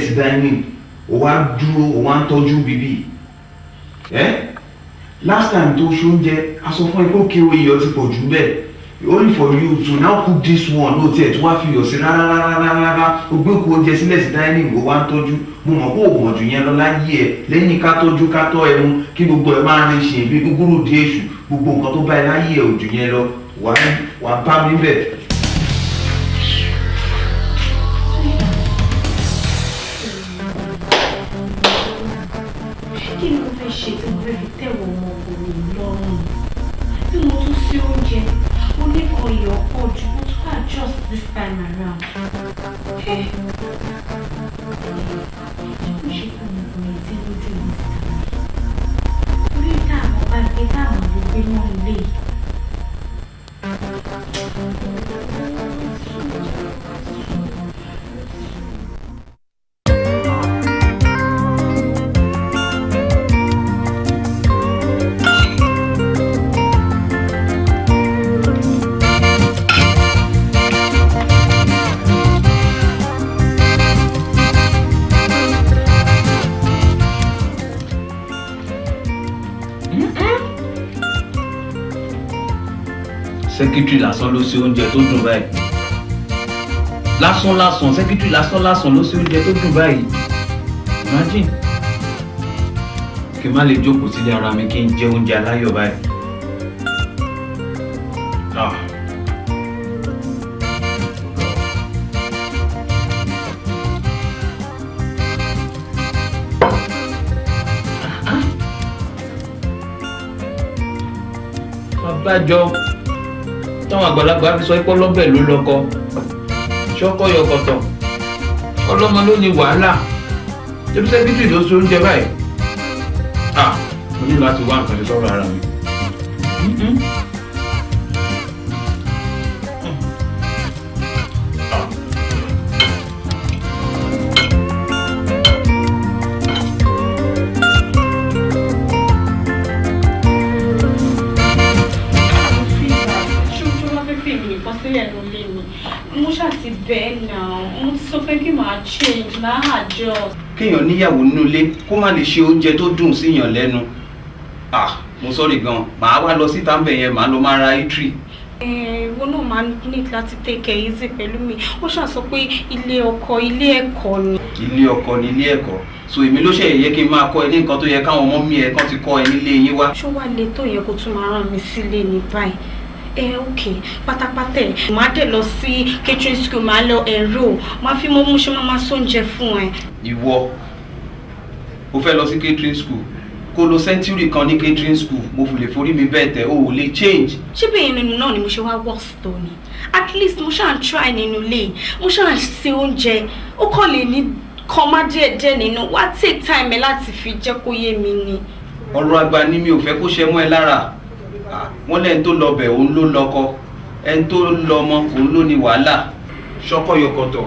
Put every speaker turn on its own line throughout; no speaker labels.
tẹ̀sí dining o wá dúró o wá tọ́jú bíbí ẹ́ last time tó ṣoúnjẹ a sọ fún ẹ pé òkè o ti pọ̀ jù bẹ́ẹ̀ only for you to now cook this one ló tiẹ̀ tó wá fi iyọ̀ sí rárá rárá rárá o gbé kó oúnjẹ sílẹ̀ sí dining o wá ń tọ́jú mo mọ̀ pé òògùn ọ̀dùn yẹn lọ láyé ẹ lẹ́yìn ká tọ́jú ká tọ́ ẹmu kí gbogbo ẹ máa rin ṣe bí gúgúrú di èṣù gbogbo nǹkan tó bá ẹ láyé ẹ òjò yẹn lọ wàá bá mi bẹ̀
kí ni mo fẹ́ ṣe tí mo fẹ́ fi tẹ̀wọ̀ ọmọkùnrin lọ́rùn tí mo tún sí oúnjẹ oníkan iyọ̀ pọ̀ ju mo tún just this time around.
ẹ ẹ mo ṣe kí ọmọkùnrin tí lójú mi sí
tàbí orí táwọn bá gbé táwọn ló gbé mọ́ ilé yìí.
sẹ́kítírì lásán ló ṣe oúnjẹ tó dùn báyìí lásán lásán sẹ́kítírì lásán lásán ló ṣe oúnjẹ tó dùn báyìí imagine kí n má lè jókòó sílé ara mi kí n jẹ oúnjẹ aláyọ̀ báyìí. Ah. ah, ah. Bye, Joe táwọn àgbàlagbà fi sọ pé ọlọ́bẹ̀ ló lọ́kọ ṣọ́kọ́ yọkọ̀tọ̀ ọlọ́mọ ló ní wàhálà ṣé bí sẹ́kítì ló ṣe oúnjẹ báyìí ah mo ní láti wá nǹkan ṣe sọ́rọ̀ ara mi. kéèyàn níyàwó nínú ilé kó má lè ṣe oúnjẹ tó dùn síyàn lẹ́nu ah mo sọ́ọ̀rì gan màá wá lọ síta ń bẹ̀ yẹn màá lọ máa ra itri.
ìwọ eh, náà máa ní láti tẹ̀kẹ̀ easy pẹ̀lú mi ó ṣáà sọ pé ilé ọkọ ilé ẹ̀kọ́ ni.
ilé ọkọ ni ilé ẹ̀kọ́ so èmi ló ṣe yẹ kí n máa kọ́ ẹ ní nǹkan tó yẹ káwọn ọmọ mi ẹ̀ kan ti kọ́ ẹ nílé yín wá. ṣó
wàá le tó yẹ kó tún máa rán mi sílé ní báyìí ẹ eh, ok pátápátá ẹ máa dẹ̀ lọ sí catering school máa lọ ẹ̀rọ máa fi mọ́ mú ṣe máa máa sóúnjẹ fún ẹ.
ìwọ o fẹ́ lọ sí catering school kó lọ century kan ní catering school mo fi lè forí mi bẹ́ẹ̀ tẹ̀ o ò lè change.
ṣébè yẹn nínú náà ni mo ṣe wá works tó ni at least mo ṣáà try nínú ilé mo ṣáà ń ṣe oúnjẹ ó kàn lè ní kan má díẹ̀ díẹ̀ nínú wá take time ẹ láti fi jẹ́ kó yé mi ni.
ọ̀rọ̀ àgbà ni mi ò fẹ́ kó ṣe mọ́ ẹ lára wọ́n lẹ́ni tó lọbẹ̀ òun ló lọ́kọ ẹni tó lọ́mọ òun ló ní wàhálà ṣọkọ yọkọtọ̀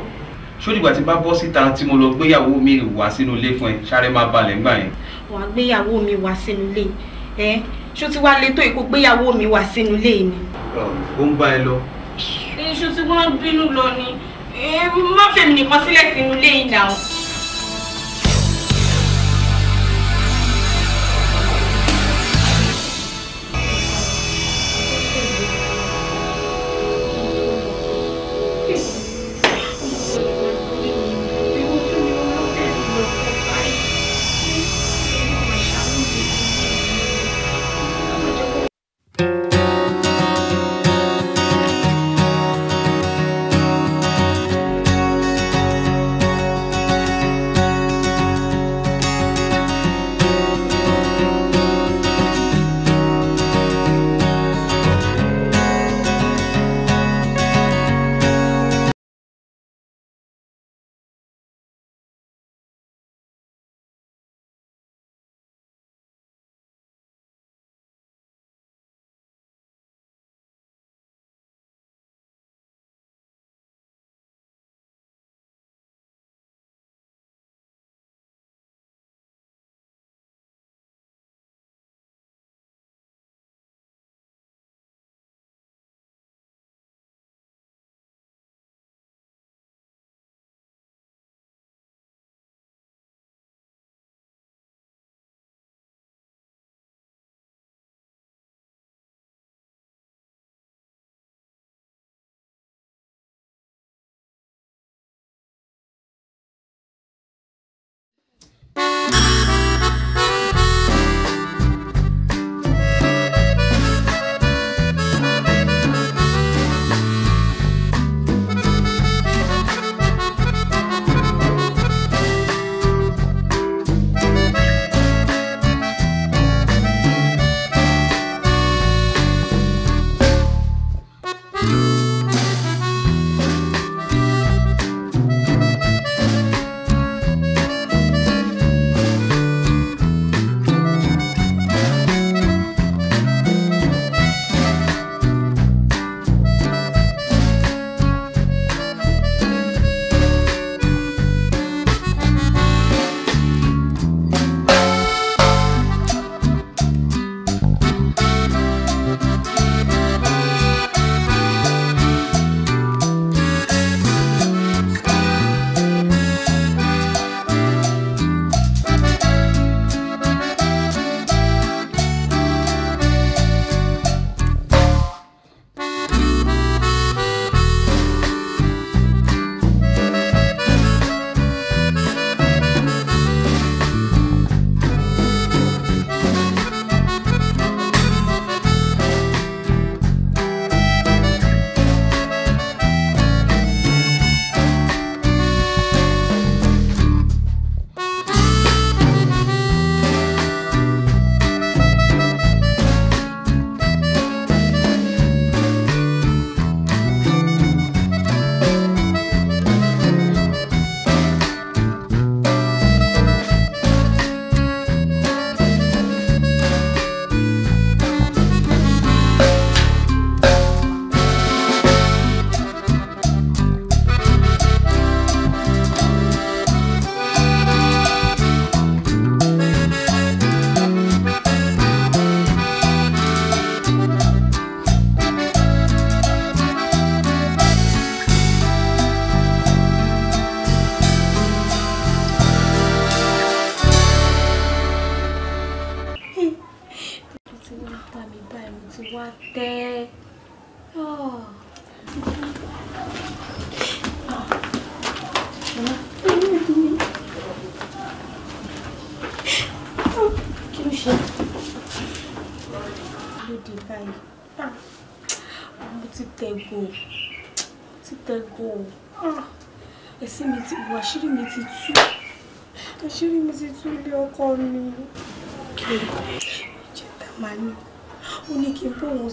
ṣódìgbà tí bá bọ́ síta tí mo lọ gbéyàwó mi wá sínú ilé fún ẹ ṣáré máa balẹ̀ ńgbà yẹn.
wà á gbéyàwó mi wá sínú ilé ẹ ṣó ti wá lè tó èkó gbéyàwó mi wá sínú ilé mi. ó ń bá ẹ lọ. iṣu tí wọ́n bínú lọ ni má fèmí nìkan sílẹ̀ sínú ilé yìí náà.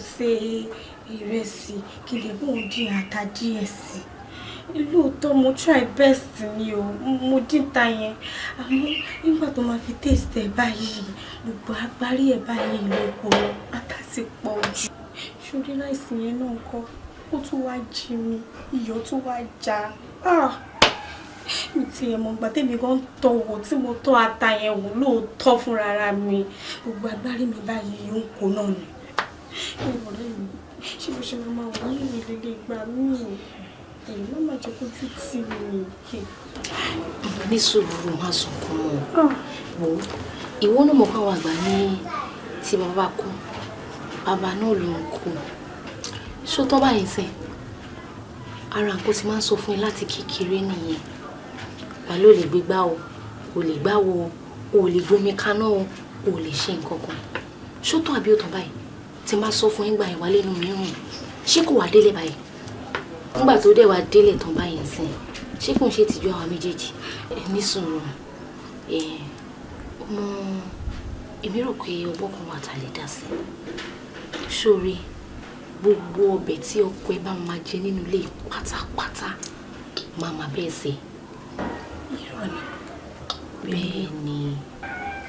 se ìrẹsì kí lè bóun dín ata díẹ̀ sí lóòótọ́ mo try best mi o mo dín ta yẹn àmọ́ nígbà tó máa fi taste ẹ̀ báyìí gbogbo agbárí ẹ̀ báyìí ló pọ̀ ata ti pọ̀ jù ṣorí láìsí yẹn náà kọ́ ó tún wá jí mi iyọ̀ tún wá já ah! mi ti ẹ̀mọ̀ gbà tèmi gan tọ̀ wò tí mo tọ́ ata yẹn wò lóòótọ́ fúnra mi gbogbo agbárí mi báyìí yóò kó náà ni ọ̀rẹ́ mi ṣé mo ṣe máa máa wọ ní ìrèlè ìgbà míì ẹ̀yìn má má jẹ́ kójú tì mí. ní sùúrù má sùn kún mọ́ ah. wò ó ìwọ náà mọ̀ káwọn àgbà ní tí bàbá kú bàbá náà ló ń kú ṣó tọ́ báyìí sẹ́ ara nǹkan ti máa ń sọ fún ẹ láti kékeré nìyẹn wà ló lè gbégbá o ò lè gbáwo o ò lè gbomi kaná o ò lè ṣe nǹkan kan ṣó tọ́ àbí ó tán báyìí tí n bá sọ fún ìgbà ìwà lẹ́nu mìíràn ṣé kò wá délé báyìí nígbà tó dẹ̀ wá délé tán báyìí sìn ṣé kò ń ṣe tìjú àwọn méjèèjì ní sùúrù ọmọ èmi rò pé ọgbọ́n kan wà tá a lè dá sí sórí gbogbo ọbẹ̀ tí ọkọ ẹ bá máa jẹ nínú ilé pátápátá máa máa bẹ́ẹ̀ ṣe. irọ́ ni bẹ́ẹ̀ ni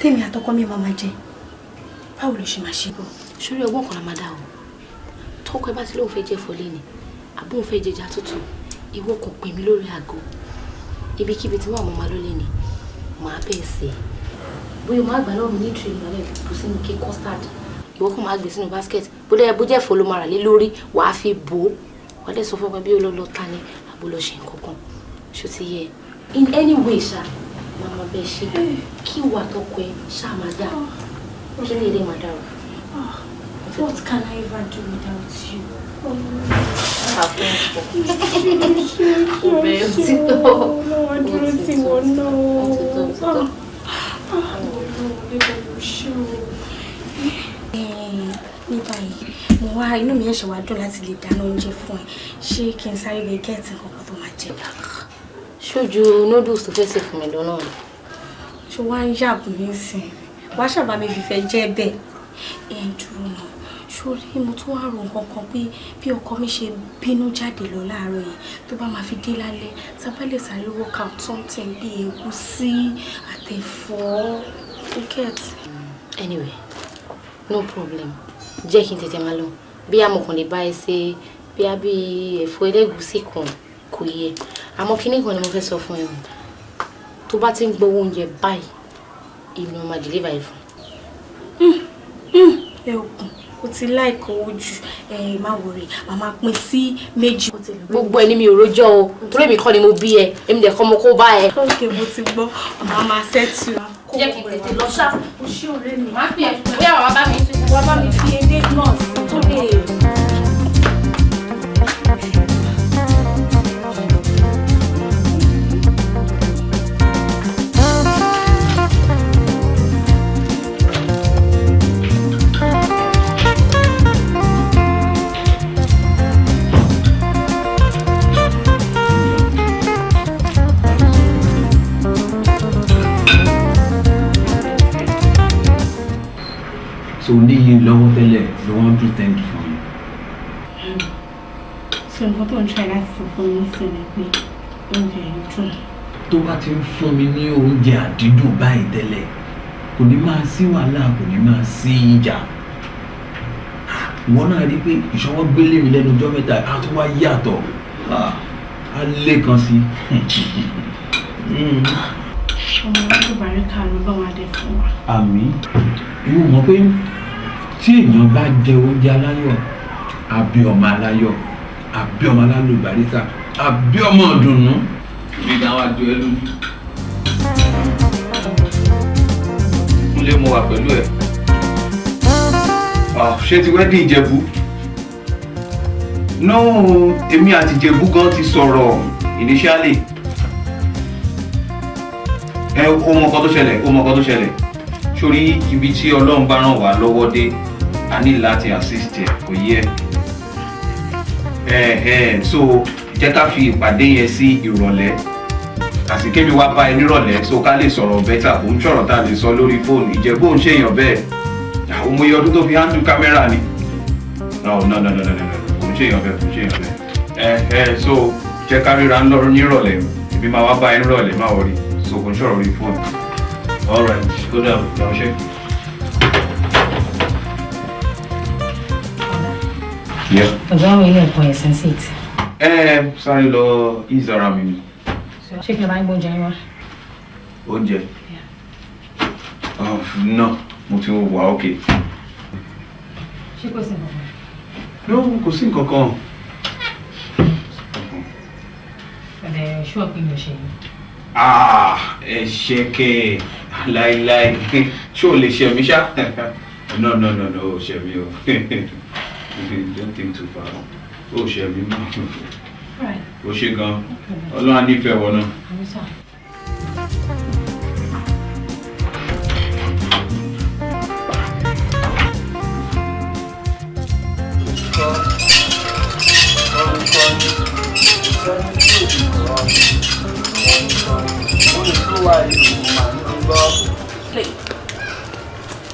tèmi àtọkọ mi máa máa jẹ báwo ló ṣe máa ṣe bọ́ sórí ọgbọ́n kan la máa dá o tọkọ ẹ bá ti lóun fẹ́ jẹ́ fọlé ni àbóun fẹ́ jẹjà tútù ìwọ kò pè mí lórí aago ibikíbi tí wọn mọ máa ló ni màá bẹ́ẹ̀ sẹ́ bóyá máa gbà lọ́rùn ní tìrì lọ́lẹ̀ sínú kí custard ìwọ kò máa gbé sínú basket bóyá ẹ bó jẹ́ fọlọ́ mara lé lórí wàá fi bò ó wàá dẹ̀ sọ fún ọmọ bí olóòlọ́ ta ni àbó lọ ṣe nǹkan kan ṣó ti yẹ in any way ṣá màmá bẹ́ẹ̀ ṣe kí wà tọkọ ẹ ṣá máa What can I even do without you? Obìnrin ti tọ́. Dúró tí wọ́n náà. Ní báyìí, mo wá inú mi ẹ̀ṣẹ̀ wá dùn láti lè dáná oúnjẹ fún ẹ. Ṣé kí n sáré lè gẹ́ẹ̀tì kankan tó máa jẹ? Ṣojú noodles tó fẹ́ sè fún mi lọ́nà. Ṣé wá ń yàgò mí sìn? Wá ṣàbámi fífẹ́ jẹ́ bẹ́ẹ̀ ẹ náà sórí mo tún wá ro nǹkan kan pé bí ọkọ mi ṣe bínú jáde lọ láàárọ̀ yìí tó bá máa fi dé lálẹ́ sábàlẹ̀ sáré work out something bíi ẹ̀gúsí àtẹ̀fọ́ cricket. anyway no problem jẹ́ kí n tètè máa lọ bí amọ̀kànlé bá ẹ ṣe bí a bí ẹ̀fọ́ ẹlẹ́gúsí kan kò yẹ àmọ́ kinní kan ni mo fẹ́ sọ fún ẹ tó bá ti ń gbowó oúnjẹ báyìí ìlú ọmọ deliver ẹ fún hmm. Hmm, ẹ òkun o ti láìkọ ojú ẹ má wòrè màmá pín sí méjì. gbogbo ẹni mi ò rojọ́ o torí èmi kọ́ ni mo bí ẹ èmi dẹ̀ kọ́ mo kó bá ẹ. ókè mo ti gbọ́ màmá máa ṣẹ́tù. jẹ́ kí n tètè lọ ṣá. o ṣé ọ̀rẹ́ mi. má pè é bóyá wàá bá mi fi edé náà sí
so níyì lọ́wọ́ tẹ́lẹ̀ ló wọ́n you for mi.
so nǹkan tó ń ṣe láti sọ fún mi sí ni pé oúnjẹ yìí dùn.
tó bá ti ń fún mi ní oúnjẹ àdídùn báyìí tẹ́lẹ̀ kò ní máa sí wàhálà kò ní máa sí ìjà wọn náà rí i pé ìṣọwọ́ gbélé mi lẹ́nu ọjọ́ mẹ́ta á tún wá yàtọ̀ á lé kan sí.
ọmọ ọdún bàríkà ló bá wa dé fún wa.
àmín irú mọ̀ pé tí èèyàn bá jẹ oúnjẹ aláyọ̀ àbí ọmọ aláyọ̀ àbí ọmọ alálùbáríkà àbí ọmọ ọ̀dùnnú bí dáwà jọ ẹ lójú. Kúnlé mo wà pẹ̀lú ẹ̀. Ṣé ti wedding Ìjẹ̀bú? No, èmi àti Ìjẹ̀bú gan ti sọ̀rọ̀ initially. Ẹ o mọ nǹkan tó ṣẹlẹ̀, o mọ nǹkan tó ṣẹlẹ̀. Sórí ibi tí Ọlọ́run bá ràn wá lọ́wọ́ dé. I need láti assist ẹ kò yẹ ẹ ẹ so jẹ́ ká fi ìpàdé yẹn sí ìrọ̀lẹ́ àti kébi wá bá ẹ nírọ̀lẹ́ so ká lè sọ̀rọ̀ bẹ́tà òun sọ̀rọ̀ tá a lè sọ lórí fóònù ìjẹ́bú òun ṣèyàn bẹ́ẹ̀ àwọn ọmọ iye ọdún tó fi handle kámẹ́rà ni no no no no no no òun ṣèyàn bẹ́ẹ̀ òun ṣèyàn bẹ́ẹ̀ ẹ ẹ so jẹ́ ká ríra ńlọrọ̀ nírọ̀lẹ́ èmi máa wá bá ẹ nírọ̀lẹ́ máa wọrí so kò ń sọ̀rọ̀ lórí fóònù all right Go down. ṣe. Yeah. Ọ̀gá àwọn ilé ẹ̀kọ́ yẹn sẹ́nsì ìtì. Ẹ ẹ sáré lọ ìzọra mi ni.
Ṣé kí ló máa ń gbóúnjẹ yín wá?
Oúnjẹ? Oh, Nà mo ti wà ókè.
Ṣé kò sí nǹkan kan? No, kò sí nǹkan kan. Ọ̀dẹ̀ ṣú ọ̀pẹ̀ mi ṣe
yìí. Ah, ẹ ṣe kẹ́ láíláí. Ṣé o lè ṣe mí ṣá? No, no, no, no, ṣe mí o. don't think too far ó ṣe bí mọ́ ó ṣe gan ọlọ́run á nífẹ̀ẹ́ wọn náà.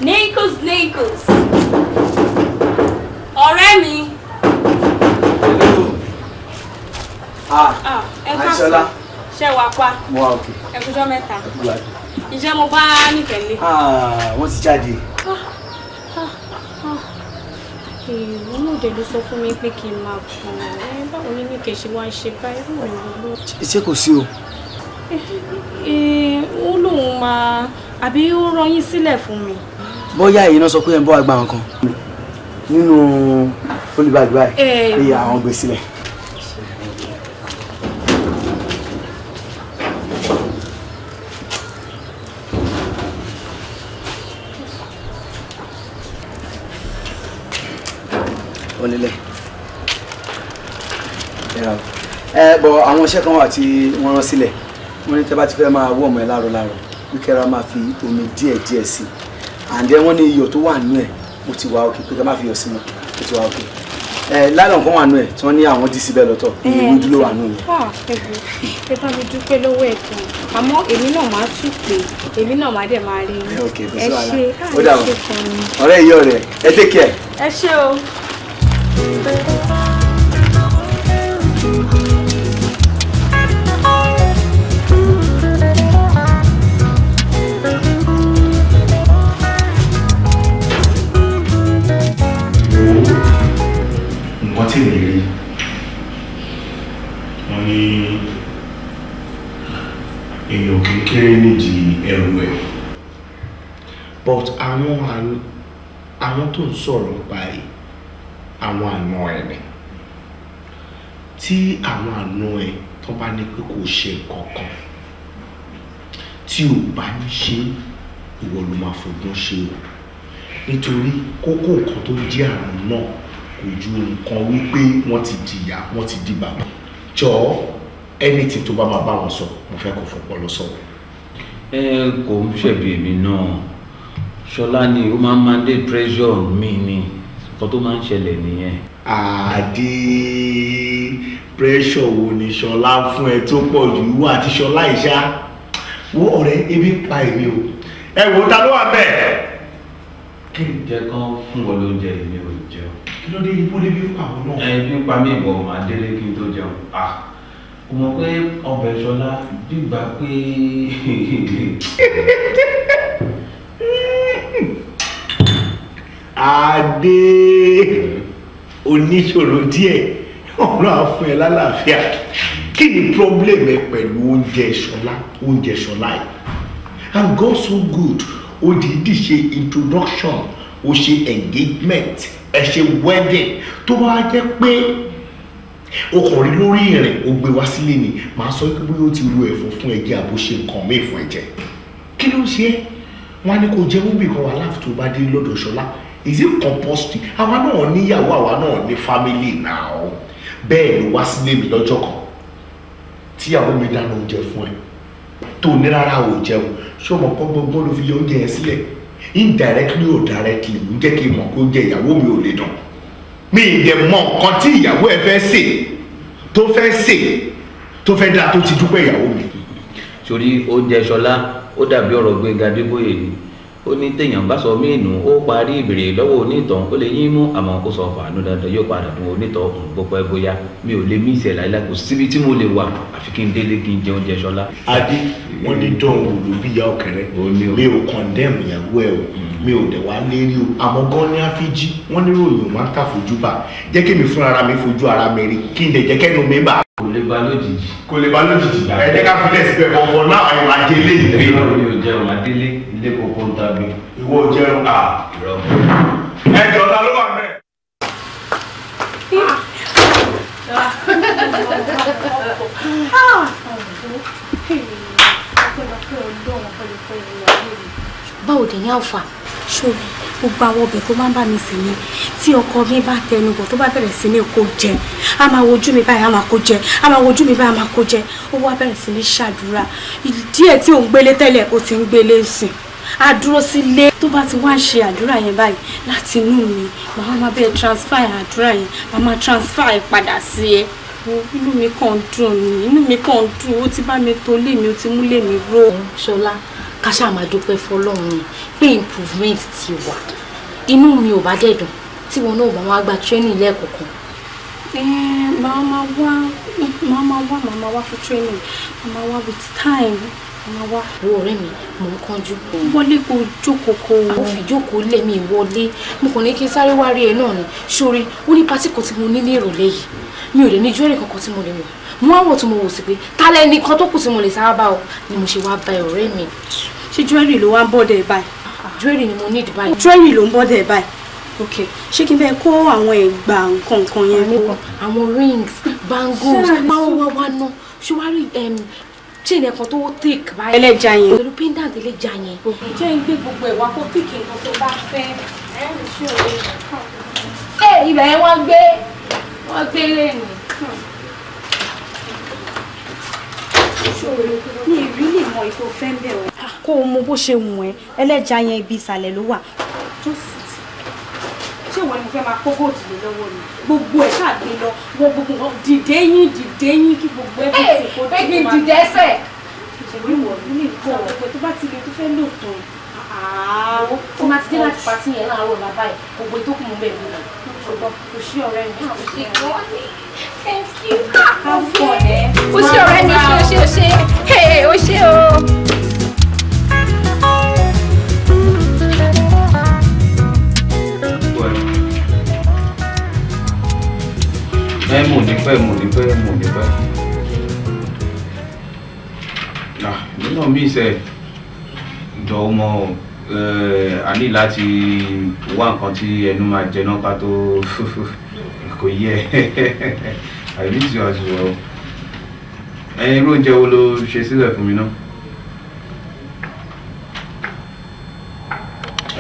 Nichols, Nichols ọ̀rẹ́ mi. Ah, ah, ẹ ká sọ ṣe wà pa ẹkújọ mẹ́ta ìjẹ mo bá nìkẹlẹ. Ah, wọ́n ti jáde. wọ́n náà dẹ̀ ló sọ fún mi pé kí n máa kú báwo ni nìkẹ́ ṣe wá ń ṣe báyìí rò lówó. ṣé kò sí o. ó lóun máa àbí ó rọyìn sílẹ̀ fún mi.
bóyá èyí náà sọ pé ẹ ń bọ́ àgbà wọn kan nínú olùbàdì báyìí iye eh. àwọn gbèsè lẹ̀. onílẹ̀ ẹ bọ àwọn iṣẹ́ kan wà tí wọ́n rán sílẹ̀ wọ́n ní tẹ́ bá ti fẹ́ máa wọ́ ọmọ ẹ láàrọ̀ láàrọ̀ wíkẹ́ra máa fi omi díẹ̀ díẹ̀ sí i àǹdẹ́ wọ́n ní iyọ̀ tó wà nínú ẹ̀ ó ti wá òkè pé ká má fi yọ sí wọn ó ti wá òkè lára nǹkan wà eh, nù ẹ tí wọn ní àwọn dí síbẹ̀ lọ́tọ̀ eh, ìlú dúró wà nù
yẹn. ẹ bá mi dúpẹ́
lọ́wọ́ ẹ̀ kan àmọ́ èmi náà máa tún pé èmi náà máa dẹ̀ máa rí i eh, ẹ ṣe ẹ
ṣe kan
ni. ọ̀rẹ́ yìí ọ̀rẹ́ ẹ take
ẹ ṣé o.
kéré nídìí ẹrù ẹ̀ but àwọn àwọn tó ń sọ̀rọ̀ ń pa ẹ̀ àwọn àna ẹ̀ ni tí àwọn àna ẹ̀ tó bá ní pé kò ṣe nǹkan kan tí ò bá ń ṣe ìwọ ló máa fògbọ́n ṣe o nítorí kókó nǹkan tó jẹ́ àrùn náà kò ju nǹkan wípé wọ́n ti dìyà wọ́n ti di bàbá jọ anything tó bá máa bá wọn sọ mo fẹ́ kó fọpọlọ sọ̀rọ̀ ẹ kò ń
ṣẹ̀bi èmi náà ṣọlá ni ó máa ń mandate pressure mi ni nǹkan tó máa ń ṣẹlẹ̀ nìyẹn.
àdé pressure wo ni ṣọlá fún ẹ tó pọ̀ jù wú àti ṣọlá ìṣá wo ọ̀rẹ́ ebi pa èmi o ẹ wò ó ta ló wà bẹ́ẹ̀. kí n jẹ kán fún ọ lóúnjẹ èmi ò jẹun. kí ló dé ibú débi pa náà.
ẹ bí pa mí ìwọ màá délé kí n tó jẹun. Ah! kò mọ̀ pé ọbẹ̀ ṣọlá
dìgbà pé adé oníṣòro díẹ̀ ọ̀rọ̀ àfún ẹ lálàáfíà kí ni problem ẹ pẹ̀lú oúnjẹ ṣọlá oúnjẹ ṣọlá yìí and God so good ó dìídì ṣe introduction ó ṣe engagement ẹ ṣe wedding tó bá jẹ́ pé o kàn rí lórí ìrìn o gbé wá sílé ni màá sọ pé bóyá o ti ru ẹ̀fọ́ fún ẹ̀jẹ̀ àbó ṣe nǹkan mí fún ẹ̀jẹ̀ kí ló ń ṣe é wọn á ní kó jẹ́ wúbì kan wà láàfin tó bá dé lọ́dọ̀ ṣọlá is it composting? àwa náà níyàwó àwa náà ní family now bẹ́ẹ̀ ló wá sílé mi lọ́jọ́ kan tíyàwó mi dáná oúnjẹ fún ẹ tó ní rárá ò jẹun ṣé o mọ̀ pé ló fi yọ oúnjẹ yẹn sílẹ̀ indirectly or directly ń jẹ́ kí n mọ̀ pé oúnjẹ ìyàwó mi ò lè dùn mi ìdẹ̀ mọ nǹkan tí ìyàwó ẹ fẹ́ ṣe tó fẹ́ ṣe tó fẹ́ dáa tó ti dúpẹ́ ìyàwó mi.
sori oúnjẹ sọlá ó dàbí ọ̀rọ̀ gbẹ̀ngà ni ó ní téèyàn bá sọ míìnù ó parí ìbèrè lọ́wọ́ onítàn ó lè yín mú àmọ́ ó sọ fàánú dandan yóò padà dùn onítàn òun gbọ́pẹ́ bóyá mi ò lè mí ìṣẹ̀lẹ̀ láìláì kò síbi tí mo lè wà àfi kí n délé kí n jẹun jẹ sọlá.
adi wọn ní dán wò ló bí ya ọkẹrẹ mi ò kọndẹ́mù ìyàwó ẹ o hmm. mi ò dẹ̀ wá lérí o àmọ́ gan ní àfíjí wọ́n ní ròyìn máa ń kà fojú bá jẹ́ kí mi fún ara mi fojú ara mi rí kí n dẹ̀ jẹ́ kẹ́nu mi bá. kò lè ba lójijì. kò lè ba lójijì. ẹ jẹ́ ká fi lẹ̀ kọ̀ọ̀kan náà àyè máa délé. ìdílé ọ̀rọ̀ mi
ò jẹun àdélé ilé kòkó ń tàbí. ìwọ jẹun à. ẹ jọ ta
ló wà mẹ.
báwo dé ní àwòfà ṣóri gbogbo àwọn ọbẹ̀ tó máa ń bá mi sì ni tí ọkọ mi bá tẹnu bọ̀ tó bá bẹ̀rẹ̀ sí ní kó jẹ a máa wojú mi báyìí a máa kó jẹ a máa wojú mi báyìí a máa kó jẹ ó wá bẹ̀rẹ̀ sí ní ṣàdúrà díẹ̀ tí òun gbélé tẹ́lẹ̀ ó ti ń gbélé sìn á dúró sílé tó bá ti wá ń ṣe àdúrà yẹn báyìí láti inú mi màá máa bẹ́ẹ̀ transfer àdúrà yẹn màá máa transfer ẹ̀ padà sí ẹ inú mi kàn ń dùn ni inú mi kàn ń dùn ó ti bá mi tó lé mi ó ti mú lé ró. ṣọlá ká máa dúpẹ́ fọlọ́run pé improvement ti wà inú mi ò bá dẹ̀dùn tí wọn náà bá wá gba training lẹ́ẹ̀kọ̀ọ̀kan màá máa wá màá máa wá màá máa wá fún training màá máa wá with time máa wá wo ọ̀rẹ́ mi mò ń kánjú wọlé kó jókòó kó o fi jókòó lẹ̀ mi wọlé mo kàn ní kí n sáré wá rí ẹ náà ni sórí ó ní pátí kan tí mo ní ní ìrọ̀lẹ́ yìí mi ò lè ní jọ́ọ̀rì kankan tí mo lè mọ̀ mo wá wò tí mo wò sí pé tálẹ̀ nìkan tó kù tí mo lè sára bá o ni mo ṣe wá bá ọ̀rẹ́ mi. ṣé jọ́ọ̀rì ló wá ń bọ́dẹ̀ báyìí. jọ́ọ̀rì ni mo ní ìdí báyìí. jọ́ọ̀rì ló ń bọ́dẹ̀ báyìí ok ṣé kí n bẹ kó àwọn ẹgbà nǹkan kan yẹn. àwọn rings bangles máa ń wá wá náà ṣé wàá rí chain ẹ̀kan tó thick báyìí. ẹlẹ́ja yẹn. pẹ̀lú pendant ẹlẹ́ja yẹn. jẹ́ mm-hmm. ń gbé gbogbo ẹ̀ wá kó pick nǹkan tó bá fẹ́ ẹ̀ ibẹ̀ yẹn wọ́n gbé wọ́n gbé lẹ́nu. mi ì rí lè mọ ìfọ̀fẹ́ ń bẹ̀ o. Ah, kó o mọ bó ṣe wù ẹ́ ẹlẹ́ja yẹn ibi ìsàlẹ̀ ló wà ṣé ìwọ ni mo fẹ́ máa kó góòtù lé lọ́wọ́ ni gbogbo ẹ̀ ṣàgbé lọ wo gbogbo nǹkan dìde yín dìde yín kí gbogbo ẹ̀ fi ṣe kó dìde máa dìde ẹsẹ̀. ìṣèlú ìwọ nílé ìkọ ọ̀pẹ tó bá ti lè tó fẹ́ lò tán ah, tó máa ti dé láti pàtí yẹn láàárọ̀ bàbá ẹ̀ gbogbo ètò kù mú bẹ́ẹ̀ mú nà ṣùgbọ́n kò sí ọ̀rẹ́ mi kò sí ọ̀rẹ́ mi ṣe o ṣe o ṣe o ṣe o.
pẹ́ mo ní pẹ́ mo ní pẹ́ nínú mi sẹ jọ ọmọ eh, a ní láti wá nǹkan tí ẹnu máa jẹ náà ká tó kò yẹ àbí tí wàá sọ ẹyin irú oúnjẹ wo ló ṣe sílẹ̀ fún mi náà.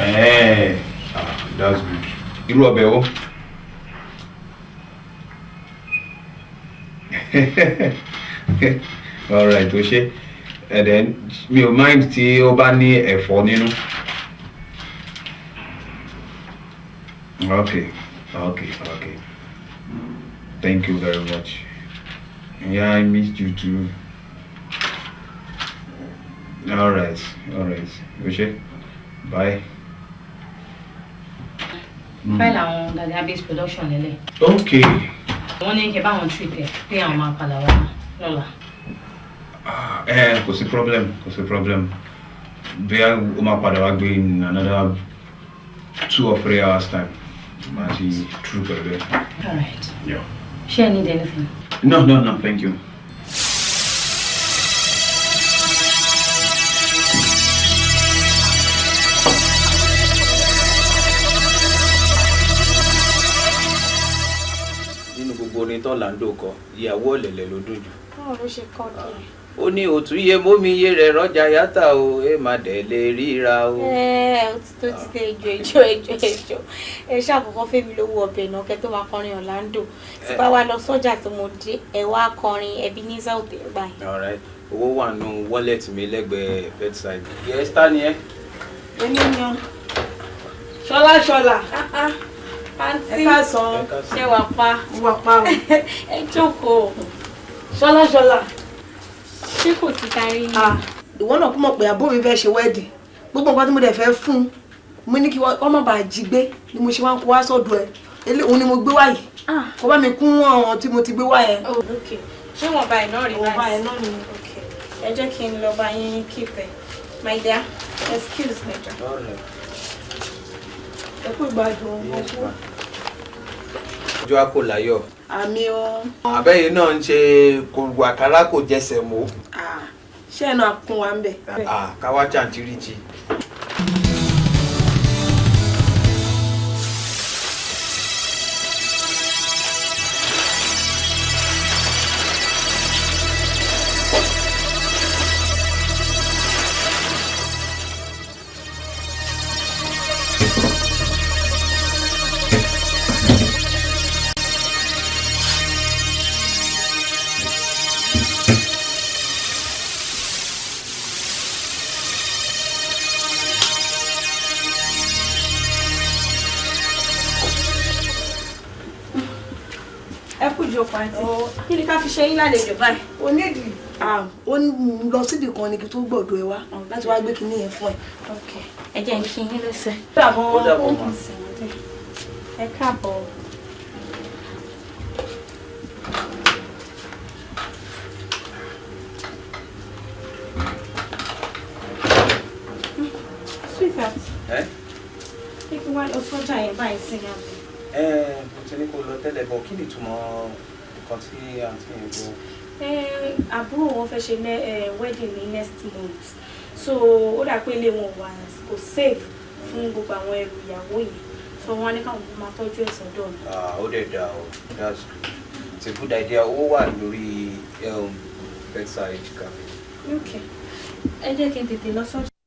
Eh, ah, that's good irú ọbẹ̀ wo. alright o ṣe and then mi ò mind tí ó bá ní ẹ̀fọ́ nínú. okay okay okay thank you very much yeah i miss you too All alright alright o ṣe bye.
Mm. file
àwọn gàgà base production lele.
okay
wọ́n ní kẹ́ báwọn treat ẹ̀ pé àwọn máa padà wá lọ́la.
ẹ
ah, eh, kò sí problem kò sí problem bí o máa padà wá gbé in another two or three hours time máa ti true pẹ̀lú ẹ.
all
right.
yeah.
ẹ need anything.
no no no thank you. ọkùnrin tó là ń dò kọ ìyàwó ọ̀lẹ̀lẹ̀ ló dojú.
báwo ló ṣe kọ́ di ẹ̀.
ó ní òtú iye mómi iye rẹ̀ rọ́jà yàtà o ẹ má dẹ̀ lè ríra o.
ẹ ẹ tó ti tẹ ìjọ ìjọ ìjọ ìjọ ẹ ṣàkókò fẹmi lówó ọbẹ̀ náà kẹ tó máa kọrin Orlando tí bá wa lọ sọ́jà tí mo dé ẹ wá kọrin ẹbí ní south ẹ báyìí.
alright owó wà nù wallet mi lẹ́gbẹ̀ẹ́ bedside. yẹ ẹ star ni ẹ.
èmi ṣọlá ṣọlá. Ah, ah àǹtí ṣe wà pa wà pa o ẹ jókòó ṣọlá ṣọlá ṣé kò ti kárí ni. ìwọ náà kú mọ̀ pé àbúrò mi fẹ́ ṣe wẹ́ẹ̀dì gbogbo nǹkan tí mo dẹ̀ fẹ́ fún un mo ní kí wọ́n má bàa jí gbé ni mo ṣe wá ń kó wá sọ́dọ̀ ẹ òun ni mo gbé wáyìí kó bá mi kún ọ̀ràn tí mo ti gbé wá yẹn. Oh, ṣé wọn bá iná rí báyìí ẹ jẹ́ kí n lọ bá yín kíkẹ́ my dear excuse me. ẹ kú ìgbàdùn ọmọ fún wa
ọjọ́ àpò láyọ̀. àmì o. àbẹ́yẹ náà ń ṣe kòrò àkàrà kò jẹsẹ̀ mọ́.
ṣé ẹ̀ náà kún wa ń bẹ̀.
káwá jàǹtìrìtì.
kí ni ká fi ṣe yín lálejò báyìí. onídìí ó ń lọ sídìí kan ni kí tó gbọ́dọ̀ ẹ wá oh, láti wá gbé kinní yẹn fún ẹ. ẹ jẹ́ kí yín lẹ́sẹ̀. ó dàbọ̀ mọ́ ẹ káàbọ̀.
Hmm. Sweetheart. Eh?
Kí wá lọ sọ́jà yẹn báyìí sí ni àbí?
Ẹ ẹ mo ti ní kó lọ tẹ́lẹ̀ bọ̀ kí ni ìtumọ̀ nǹkan tí àǹtí yẹn
gbọ́. àbúrò wọn fẹ́ ṣe wedding ní next month so ó dà pé ilé wọn wà kò safe fún gbogbo àwọn ẹrù ìyàwó yìí so wọn ní káwọn máa tọ́jú ẹ̀ sọ́dọ̀ mi.
ó dẹ̀ dà o that's good it's a good idea ó wà lórí um, bedside cafe.
ok ẹ jẹ́ kí n tètè lọ sọ́jà.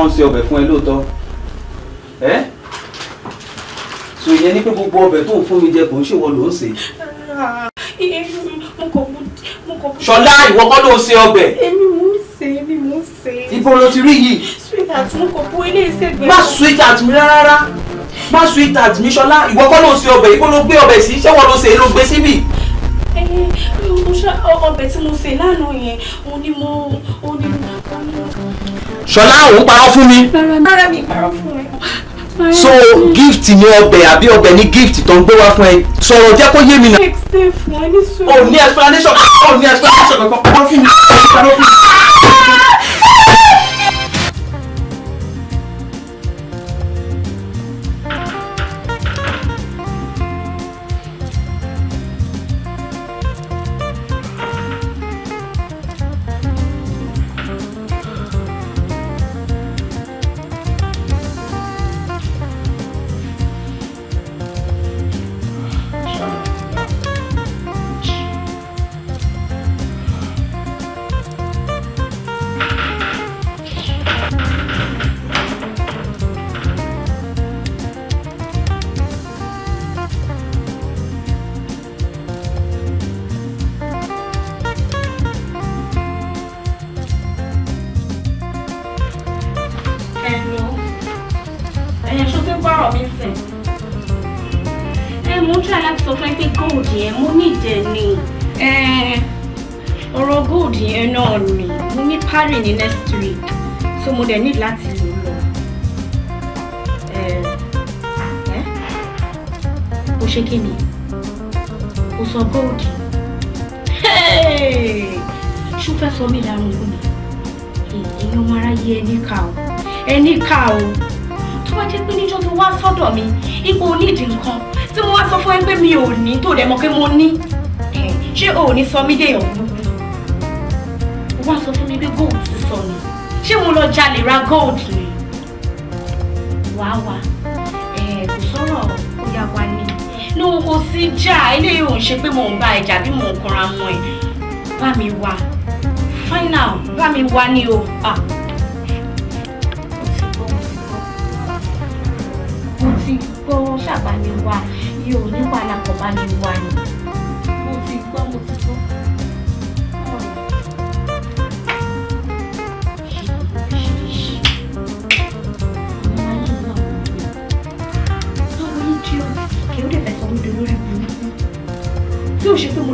wọ́n ń ṣe ọbẹ̀ fún ẹ lóòótọ́ ẹ́ sọ ìyẹn ní pé gbogbo ọbẹ̀ tó ń fún mi jẹ kò ń ṣèwọ ló ń ṣe.
ṣọlá ìwọ kọ́ ló ń ṣe ọbẹ̀. èmi mò ń ṣe èmi mò ń ṣe. ibo ló ti rí yìí. sweet at mo kò bu eléyìí ṣègbè. má sweet at
mi rárá má sweet at mi ṣọlá ìwọ kọ́ ló ń ṣe ọbẹ̀ ibo ló gbé ọbẹ̀ sí ṣé ló ṣe é ló gbé síbì
eh, ọbẹ̀ tí mo sè lánàá yẹn mo ní mo ṣọlá òun parọ́ fún mi. rárá mi parọ́ fún mi. so
gift ni ọbẹ̀ àbí ọbẹ̀ ni gift tó ń gbé
wá
fún ẹ sọ̀rọ̀ jẹ́ kó yé mi náà. o ní explanation o ní explanation kankan
parọ́ fún mi parọ́ fún mi.
mí ní next week so mo dẹ̀ need láti lò Eh? eh? o ṣe kí ni o sọ Hey! ṣó fẹ́ sọ mí lárun kù ni èyí ọmọ aráyé ẹni kà ó ẹni kà ó tó bá jẹ́ pé níjọ́ tó wá sọ́dọ̀ mi ipò onídìí nǹkan tí mo wá sọ fún ẹ pé mi ò ní tó dẹ̀ mọ̀ pé mo ní eh, ṣé o ò ní sọ mí dé ọ̀hún wá sọ mi pé góòdì sọnù ṣé mo lọ jalè ra gold ni wàá wà kò sọ̀rọ̀ ó yá wa ni ní o sí jà eléyìí ò ṣe pé mò ń bá ẹjà bí mò ń kanra mọ́ ẹ bá mi wá final bá mi wá ní o. Ah. mo ti gbọ́ ṣàbá mi wá yóò nípa alákọ̀ọ́bá mi wá ni.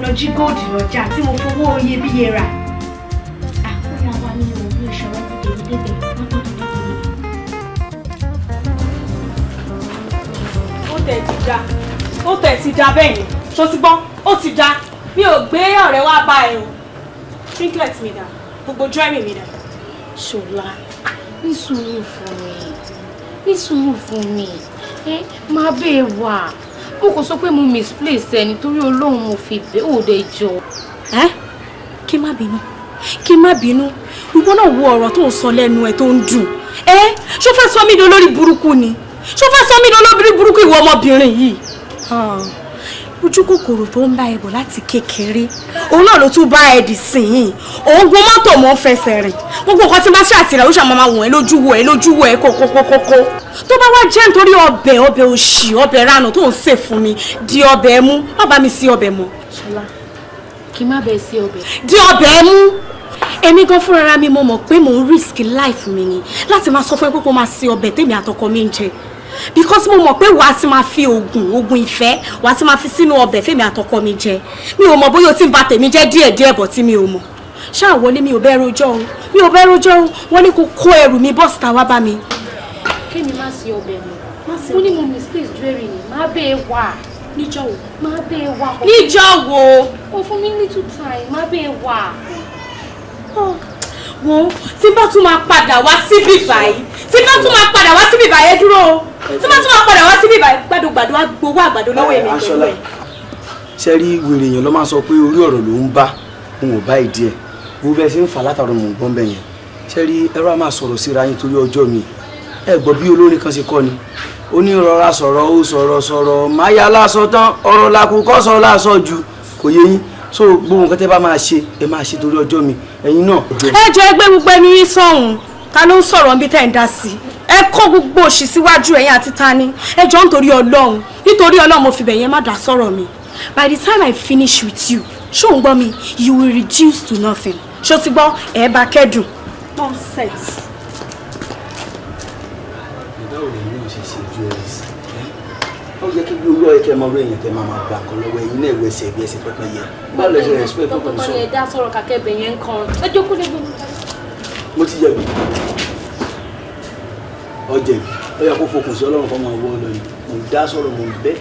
lọ jí góòdì lọ́jà tí mo fowó iyebíye rà. àkúrà wa ó tẹ̀ ti ó tẹ̀ ti bẹ́ẹ̀ yẹn ṣó ó ti dá mi ò gbé ọ̀rẹ́ wá bá ẹ o trinket mi dà gbogbo jewelry mi dà. ṣọlá ní sùúrù fún mi ní sùúrù fún mi ẹ máa bẹ́ẹ̀ wà mo kò sọ pé mo misplace ẹni torí Ọlọ́run mo fi bẹ́ẹ̀ ò dé jọ. ẹ kí má bínú kí má bínú ìwọ náà wo ọ̀rọ̀ tó ń sọ lẹ́nu ẹ̀ tó ń dùn ẹ ṣó fẹ́ sọ mí di olórí burúkú ni ṣó fẹ́ sọ mí di olórí burúkú ìwọ ọmọbìnrin yìí. Ah ojú kòkòrò tó ń bá ẹ bọ̀ láti kékeré òun náà ló tún bá ẹ dì sìn òun gun mọ́tò mọ́ fẹsẹ̀ rìn gbogbo nǹkan tí máṣe àtìrà ó ṣàmọ́ máa wọ̀ ẹ́ lójú wọ̀ ẹ́ lójú wọ̀ ẹ́ kókókókó tó bá wá jẹ́ nítorí ọbẹ̀ ọbẹ̀ òṣì ọbẹ̀ ránà tó ń sè fún mi di ọbẹ̀ ẹmu má bá mi sí ọbẹ̀ mọ́. ṣọlá kí n má bẹ sí ọbẹ̀. di ọbẹ̀ ẹmu èmi gan fúnra mi mo mọ̀ pé mò ń risk life mi ni láti máa sọ fún ẹ pé kó máa sí ọbẹ̀ tèmi àtọkọ mi ń jẹ because mo mọ̀ pé wàá ti máa fi oògùn oògùn ìfẹ́ wàá ti máa fi sínú ọbẹ̀ fèmi àtọkọ mi jẹ mi ò mọ̀ bóyá o ti ń ba tèmi jẹ́ díẹ̀díẹ̀ bọ̀ tí mi ò mọ̀ ṣáà wọlé mi ò bẹ́ rojọ́ o mi ò bẹ́ rojọ́ o wọ́n ní kó kó ẹrù mi bọ́ọ̀sì tá a wá bá mi. kémi má sí ọbẹ̀ mi mo ní mo misplace jewelry ni má bẹ́ẹ̀ wà níjọ́ wo má bẹ́ẹ̀ wà. níjọ́ wo. o fún mi little time má bẹ́ẹ̀ wà wo tí bá tún máa padà wá síbí báyìí tí bá tún máa padà wá síbí báyìí ẹ dúró o tí bá tún máa padà wá síbí báyìí gbàdúgbàdú agbowó àgbàdo lọ́wọ́ èmi pẹ̀lú ẹ̀.
ṣe rí wèrè èèyàn ló máa sọ pé orí ọ̀rọ̀ ló ń bá òun ò bá ìdí ẹ̀ wo bẹ́ẹ̀ ṣe ń fà látàrí mò ń gbọ́n bẹ́ẹ̀ yẹn ṣe rí ẹ̀rọ àmà sọ̀rọ̀ síra yín torí mi ẹ gbọ́ bí olórin kan ṣe kọ́ ni ó ní rọra sọ̀rọ̀ ó sọ̀rọ̀ sọ̀rọ̀ máyà lásọ tán ọ̀rọ̀ làkùkọ́ sọ lásọ ju kò yé so gbogbo nǹkan tẹ́ bá máa ṣe ẹ máa ṣe torí ọjọ́ mi ẹ̀yin náà.
ẹ jọ ẹgbẹ́ gbogbo ẹni yín sọ̀hún ta ló ń sọ̀rọ̀ níbi tẹ́ ń dá sí ẹ kó gbogbo òṣì síwájú ẹ̀yin àti tani ẹ jọ nítorí ọlọ́run nítorí ọlọ́run mo fi bẹ̀yẹn má dá sọ̀rọ̀ mi by the time I finish with you ṣó ń gbọ́ mi you will reduce to nothing ṣó ti gbọ́ ẹ bá kẹ́dùn nonsense.
ó yẹ kí bí olú ọ̀yẹ́ kẹ́ máa rú èèyàn kẹ́ máa máa gbà kan lọ́wọ́ ẹ̀yin náà ìwé ẹsẹ̀ bí ẹsẹ̀ pẹ́pẹ́ yẹ. báwo lẹ ṣe respect tó kàn sọ. tọkọtọ yẹ
dá sọ̀rọ̀ kàkẹ́ bẹ̀ yẹn ń kan ẹ jókòó lé gbogbo.
mo ti yẹ bi ọjẹ bi ó yẹ kó fokùn sí ọlọ́run kọ́ máa wọ́ ọ lọ yìí mo dá sọ̀rọ̀ mo bẹ́ẹ̀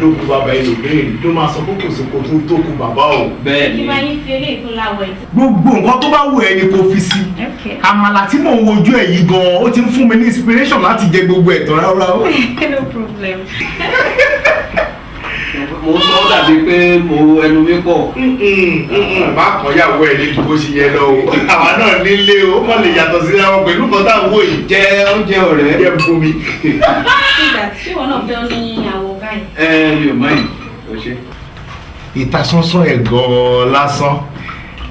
dókú bàbá ẹlòmíràn tó máa sọ kókò sí kó tó tókù bàbá o. bẹ́ẹ̀ni ìgbà
yín fi eléyìí tó láwọ
gbogbo nǹkan tó bá wù ẹ́ ni kò fi sí. àmàlà tí mò ń wojú ẹ yìí gan ó ti ń fún mi ní inspiration láti jẹ gbogbo ẹ̀tọ́ rárá o.
no problem. mo sọ ọ́ dàbí
pé mo ẹnu mi pọ̀. bá a ẹ níbi bó ṣe yẹ lọ o àwa náà nílé o ó lè yàtọ̀ sí àwọn pẹ̀lú kan tá yìí. jẹ oúnjẹ ọ̀rẹ́. jẹ bùnmi. ṣé
ìgbà tí ìwọ náà fẹ́ ọ
ẹ mi ò mọ yìí o ṣe. ìtasọ́sọ́ ẹ̀ gan-an lásán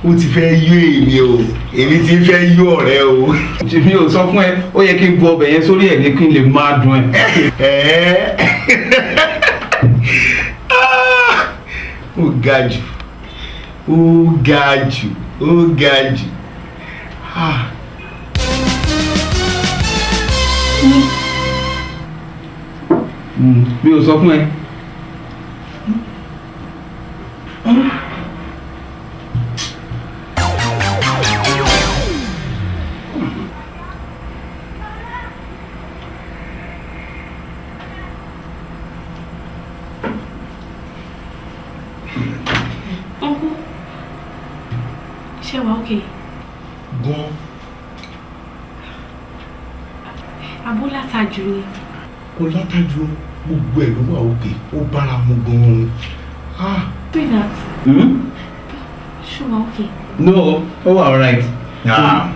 ó ti fẹ́ yó èmi o èmi ti fẹ́ yó ọ̀rẹ́ o. mi ò sọ fún ẹ ó yẹ kí n bu ọbẹ̀ yẹn sórí ẹ̀ ní kí n lè máa dùn ẹ. ó ga jù ó ga jù ó ga jù.
Ah. Hmm.
Hmm. mi ò sọ fún ẹ. Hmm?
Sure, okay.
No, ó wà oh, alright. Ó ah.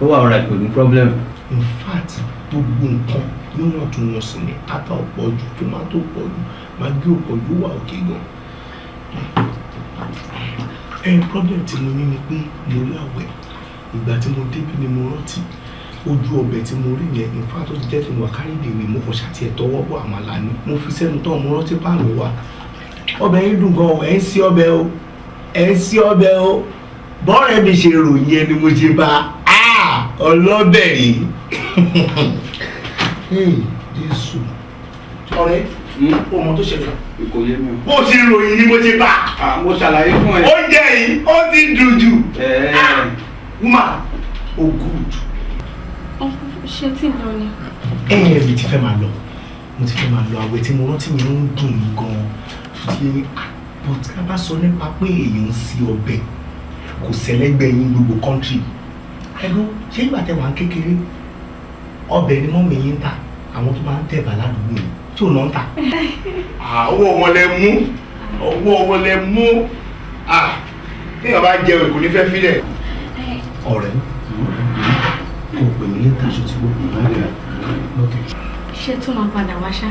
wà hmm. oh,
alright, kò ní problem.
In fact, gbogbo nǹkan nínú ọ̀tún wọn sì ni ata ò pọ̀ jù, tomato pọ̀ jù, maggi ò pọ̀ okay, go. wà problem tí mo ní ni pé mo But Ìgbà tí mo débí the mo rántí ojú ọbẹ̀ tí mo rí in fact ó jẹ́ kí n the káyìdè for mo kàn ṣàtìyẹ tọwọ́ bọ̀ àmàlà ni mo fi sẹ́nu tán mo rántí páànù wa ọbẹ̀ yín dùn gan ẹ̀ ń sí ọbẹ̀ o ẹ̀ ń sí ọbẹ̀ o bọ́ọ̀rẹ́ mi ṣe ròyìn ẹni mo ṣe bá ọlọ́bẹ̀ rí jésù ọ̀rẹ́ ọmọ hmm? tó ṣẹlẹ̀ kò yé mi. bó ti ròyìn ni mo ṣe bá. mo ṣàlàyé fún ẹ. oúnjẹ yìí ó ti dùn jù. wúmà ó gùd.
ṣé tí lọ ni.
ẹ ẹ mi ti fẹ́ máa lọ mo ti fẹ́ máa lọ àwẹ̀ tí mo rántí mi ń dùn mí gan-an ṣe ah, but ká bá sọ nípa pé èèyàn ń sí ọbẹ̀ kò sẹ́lẹ́gbẹ́ yín gbogbo country ẹnu ṣé ìgbà tẹ wà ń kékeré ọbẹ̀ ni mọ́mì yín ń ta àwọn tó máa ń tẹ̀bà ládùúgbò yìí tí ò náà ń ta. ọwọ́ wọn lẹ mú ọwọ́ wọn lẹ mú bí ọba jẹ òkú ní fẹ́ẹ́ filẹ̀. ọ̀rẹ́ kò pè mí lẹ́tà ṣe tí wọ́n pè mí
ṣé tó máa padà wá ṣá.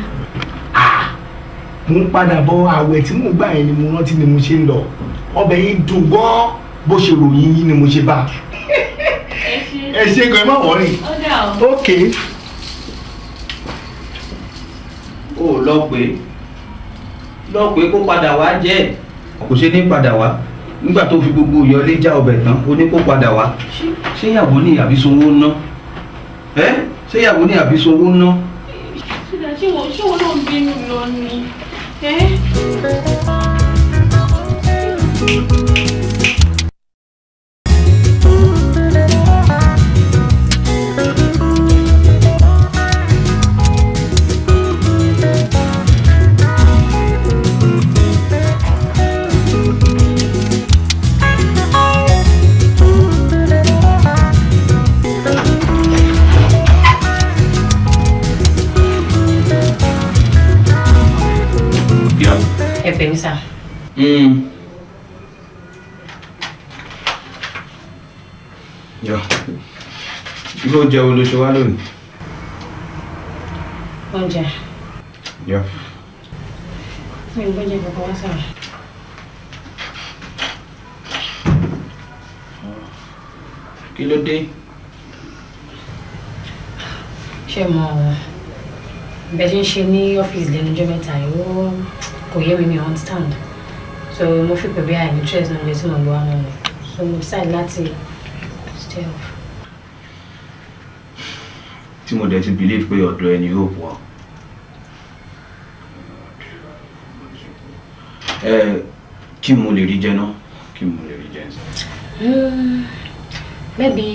mo ń padà bọ àwẹ̀ tí mo gbà yẹn ni mo rántí ni mo ṣe ń lọ ọbẹ̀ yìí dùn gan bó ṣe ròyìn yìí ni mo ṣe bá ẹ ṣe gan ẹ má wọrí ok.
o lọ pé lọ
pé kó padà
wá kò ṣe ní padà wá nígbà tó fi gbogbo ìyọlé já ọbẹ̀ tán ní wá ṣé ìyàwó ní àbí sanwó ná ṣé ìyàwó
lọ ni. Okay.
oúnjẹ wo ló ṣe wá lónìí. oúnjẹ. yọ.
mi ò gbọ́njẹ kankan wá sára. kí ló dé. ṣé mo bẹ ṣe ń ṣe ní ọ́fíìsì lẹ́nu ọjọ́ mẹ́ta yìí ó kò yé mi mi understand so mo fi pẹ̀lú àìní stress náà lè tí mo gbọ́ àwọn ọmọ so mo decide láti stay off
tí mo dẹ̀ ti believe pé ọ̀dọ̀ ẹni hope wà. ẹ kí mo lè rí jẹ náà kí mo lè rí
jẹ ẹ. Hmm, maybe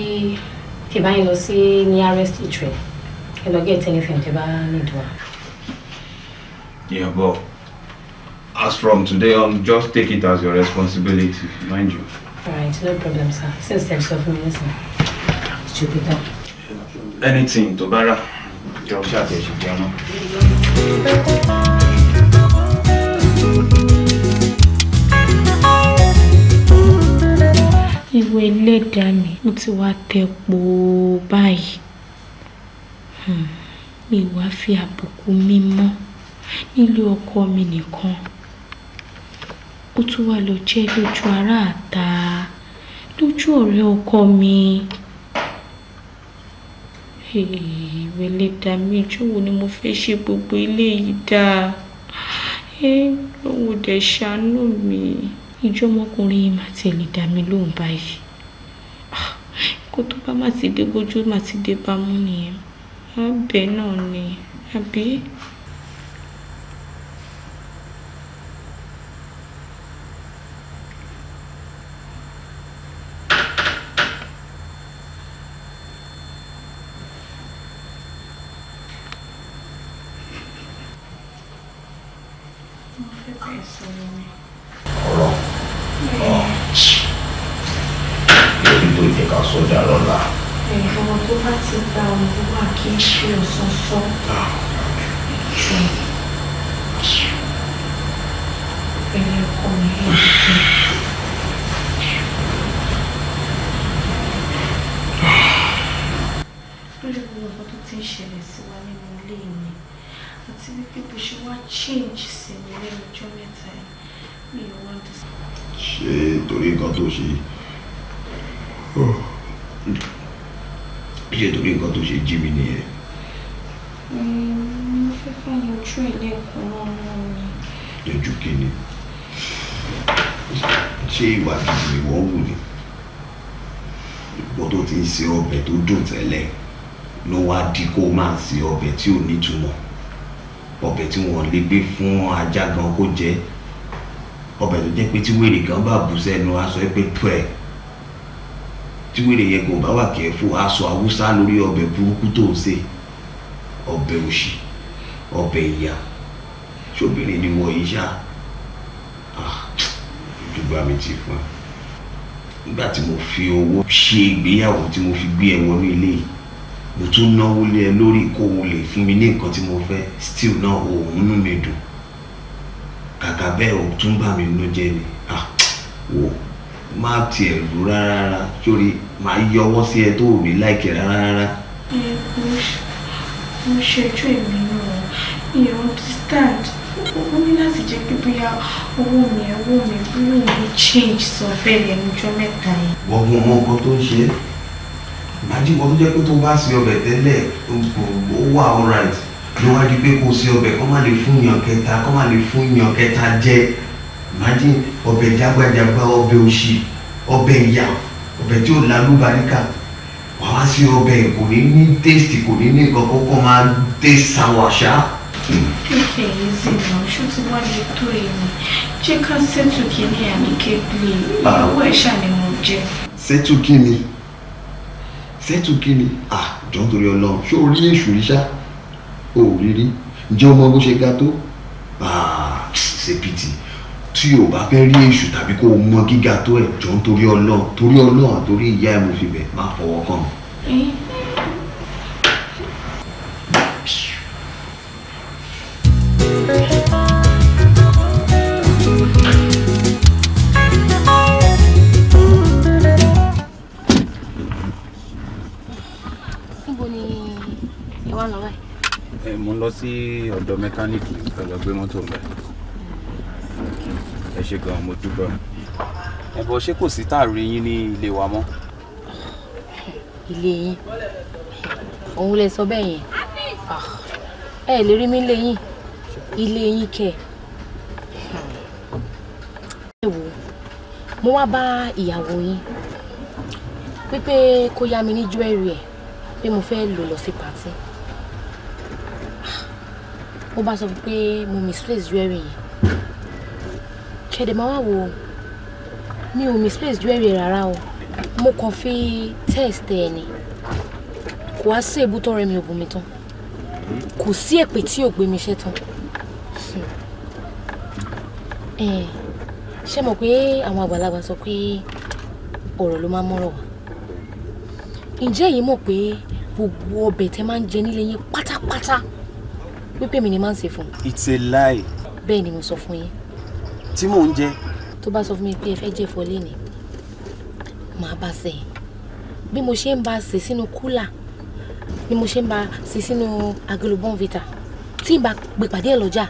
kí bá yín lọ sí nearest eatery ẹ lọ get anything tẹ bá nídìí wa.
yeah but as from today on just take it as your responsibility mind you.
Alright, no problem sir since dem sọ fún mi nísìnyí. stupid
anything tó bá rà jọ ṣàtẹ̀sí jẹun náà.
ìwé ẹlẹ́dàá mi mo ti wá tẹpo báyìí hmm, mi wá fi àbùkù mi mọ́ nílé ọkọ mi nìkan ó tún wá lọ jẹ́ lójú aráàta lójú ọ̀rẹ́ ọkọ mi ìwé lè dà mí ojú wo ni mo fẹ́ ṣe gbogbo eléyìí dáa lóhùn dẹ̀ ṣàánú mi ìjọ ọmọkùnrin yìí má ti lè dà mí lóhùn báyìí ah, kó tó bá má ti dé bójú má ti dé bá mú nìyẹn abẹ náà ni àbí. change sí mi lẹ́nu ọjọ́ mẹ́ta
mi ò wá dé. ṣé
torí nǹkan tó ṣe oh,
ṣé torí nǹkan tó ṣe jí mi nìyẹn.
Mm, mo fẹ́ fẹ́ yanjú ilé
ẹ̀kọ́ náà náà ni.
yanjú kí ni ṣé ìwà gidi ni wọ́n wù ni ìgbọ́ tó ti ń se ọbẹ̀ tó dùn tẹ́lẹ̀ ló wá di kó máa se ọbẹ̀ tí ò nítumọ̀ ọbẹ̀ tí wọ́n lè gbé fún ajá gan kó jẹ ọbẹ̀ tó jẹ́ pé tí wèrè kan bá bù sẹ́nu aṣọ ẹ pé pẹ́ tí wèrè yẹn kò bá wà kẹ́fù aṣọ haúsá lórí ọbẹ̀ burúkú tó ń ṣe ọbẹ̀ òṣì ọbẹ̀ ìyà ṣòbìnrin ni wọ́n yìí ṣá ìdúgba ah, mi ti fún un nígbà tí mo fi owó ṣe ìgbéyàwó tí mo fi gbé ẹ wọnú ilé yìí mo tún náwó lé ẹ lórí kó o lè fún mi ní nǹkan tí mo fẹ́ still náà o múnú mi dùn kàkà bẹ́ẹ̀ o tún bà mí nínú jẹ́ ni wò má tiẹ̀ lù rárá rárá sórí màá yọwọ́ sí ẹ tó o ní láìkẹ́ rárá
rárá. mo ṣẹjú èmi náà ìyẹn understand
ó ní láti jẹ́ pé bóyá owó mi owó mi bóyá òun change sọ bẹ́ẹ̀ lẹ́nu ọjọ́ mẹ́ta yìí.
wọ́n mú ọmọ nǹkan tó ń ṣe é màjí kan tó jẹ́ pé tó bá sí ọbẹ̀ tẹ́lẹ̀ ó wà alright níwájú pé kò sí ọbẹ̀ kọ́ má lè fún yàn kẹta kọ́ má lè fún yàn kẹta jẹ màjí ọbẹ̀ jágbàjágbà ọbẹ̀ òṣì ọbẹ̀ ìyà ọbẹ̀ tí ó lálùbáríkà wàá wá sí ọbẹ̀ kò ní ní taste kò ní ní nǹkan kọ́kọ́ máa taste sàwàṣá.
kíkẹ́
yìí sì náà ṣó ti wá lè tó èyí jẹ́ ká ṣètò kínní àníkẹ́ play ah. ìyàwó ẹ̀ṣà ni mo jẹ́. ṣètò kínní
sẹ́tù kí ni àjọ torí ọlọ́run ṣé o rí èṣù rí ṣá o ò rí rí ǹjẹ́ o mọ bó ṣe ga tó ṣe pìtì tí o bá fẹ́ rí èṣù tàbí kó o mọ gíga tó ẹ̀ jọ torí ọlọ́run torí ọlọ́run àtorí ìyá ẹ̀ mo fi bẹ̀ má fọwọ́ kàn mí. sí ọ̀dọ̀ mẹkáníìkì fẹ́ lọ gbé mọ́tò mẹ́ ẹ ṣe gan mo dúpẹ́ ẹ bọ ṣé kò sí táàrí yín ní ilé wa mọ́.
ilé yín òun lè sọ bẹ́ẹ̀ yẹn ah, ẹ lè rí mi ilé yín ilé yín kẹ ẹ wò mo wá bá ìyàwó yín wípé kó yá mi ní jewelry ẹ pé mo fẹ́ lò lọ sí pàtí. Mo bá sọ pé mo misplace jewelry yẹn ṣẹ̀dẹ̀ máa wá wò mi ò misplace jewelry rárá o mo kàn fi test ẹ̀ ni kò wá sí èbú tọrẹ mi ò bù mí tán kò sí èpè tí ò gbé mi ṣẹ́ tán ṣé mọ̀ pé àwọn àgbàlagbà sọ pé ọ̀rọ̀ ló máa mọ́rọ̀ wá ǹjẹ́ èyí mọ̀ pé gbogbo ọbẹ̀ tẹ́ máa ń jẹ nílé yín pátápátá wípé mi ni máa ń ṣe fún.
it's
a lie.
bẹ́ẹ̀ ni mo sọ fún yín. tí mò ń jẹ. tó bá sọ fún mi pé ẹ fẹ́ jẹ ẹ̀fọ́ lénìí màá bá ṣe bí mo ṣe ń bá ṣe sínú kúlà ni mo ṣe ń bá ṣe sínú agolo bonvita tí n bá gbé pàdé ẹ lọ́jà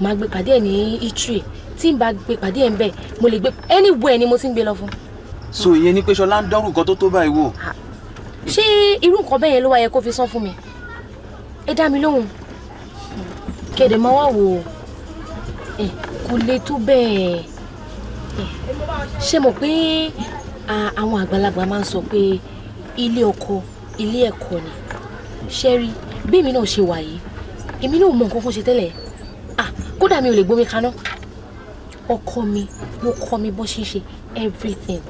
màá gbé pàdé ẹ ní itri tí n bá gbé pàdé ẹ ń bẹ mo lè gbé anywhere ni mo ti ń gbé lọ fún.
so ìyẹn ni pé ṣọlá ń dọ́rù nǹkan tó tó báyìí wò. Ah.
ṣé irú nǹkan bẹ́ẹ̀ yẹn ló wá kó fi san fún mi ẹ dá mi lóhùn kẹ̀dẹ̀ máa wá wò ó ẹ kò lè tó bẹ́ẹ̀ ṣe mọ̀ pé àwọn àgbàlagbà máa ń sọ pé ilé ọkọ ilé ẹ̀kọ́ ni ṣẹ́rí bí èmi náà ṣe wà yìí èmi náà mọ nǹkan kan ṣe tẹ́lẹ̀ ah kódà mi ò lè gbómi kaná ọkọ mi ló kọ́ mi bó ṣe ń ṣe everything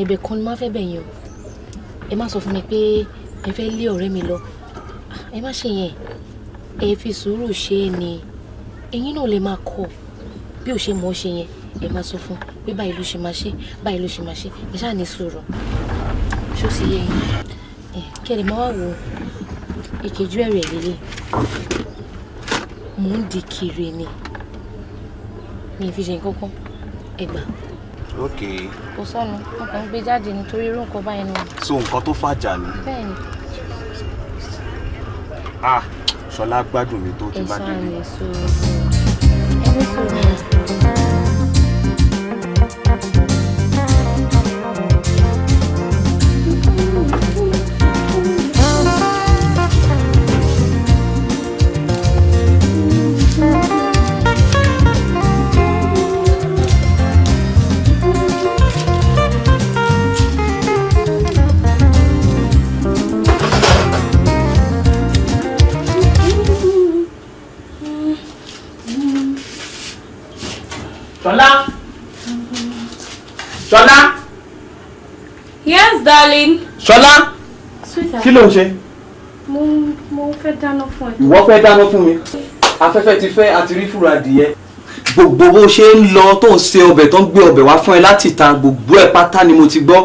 ẹ̀bẹ̀ kan ni máa fẹ́ bẹ̀yìn o ẹ má sọ fún mi pé ẹ fẹ́ lé ọ̀rẹ́ mi lọ ẹ má ṣe yẹn ẹ fi sùúrù ṣe é ni ẹ̀yin náà lè máa kọ́ bí ò ṣe mọ̀ ọ́ ṣe yẹn ẹ máa sọ fún pé báyìí ló ṣe máa ṣe báyìí ló ṣe máa ṣe ẹ ṣáà ní sùúrù ṣó sì yé yín kí ẹ lè máa wá wo ìkejì ẹ̀rẹ̀ lélẹ̀ mò ń di kiri ni mi fi ṣe nǹkan kan ẹ gbà. ok. kò sọnù wọn kàn ń gbé jáde nítorí irú nǹkan báyìí nù.
so nǹkan tó fàjà ni. bẹ́ẹ̀ni. ah ṣọlá gbádùn mi tó ti bá délé. ẹ̀sán àmì
sùúrù ẹ̀mí sùúrù. darling. Ṣọlá. Sweetheart. Kí ló ń ṣe? Mo mo fẹ́ dáná fún ẹ. Ìwọ fẹ́
dáná fún mi. Afẹ́fẹ́ ti fẹ́ àti rí fúra adìyẹ. Gbogbo bó ṣe ń lọ tó ń ṣe ọbẹ̀ tó ń gbé ọbẹ̀ wá fún ẹ láti ta gbogbo ẹ̀ pátá ni mo ti gbọ́.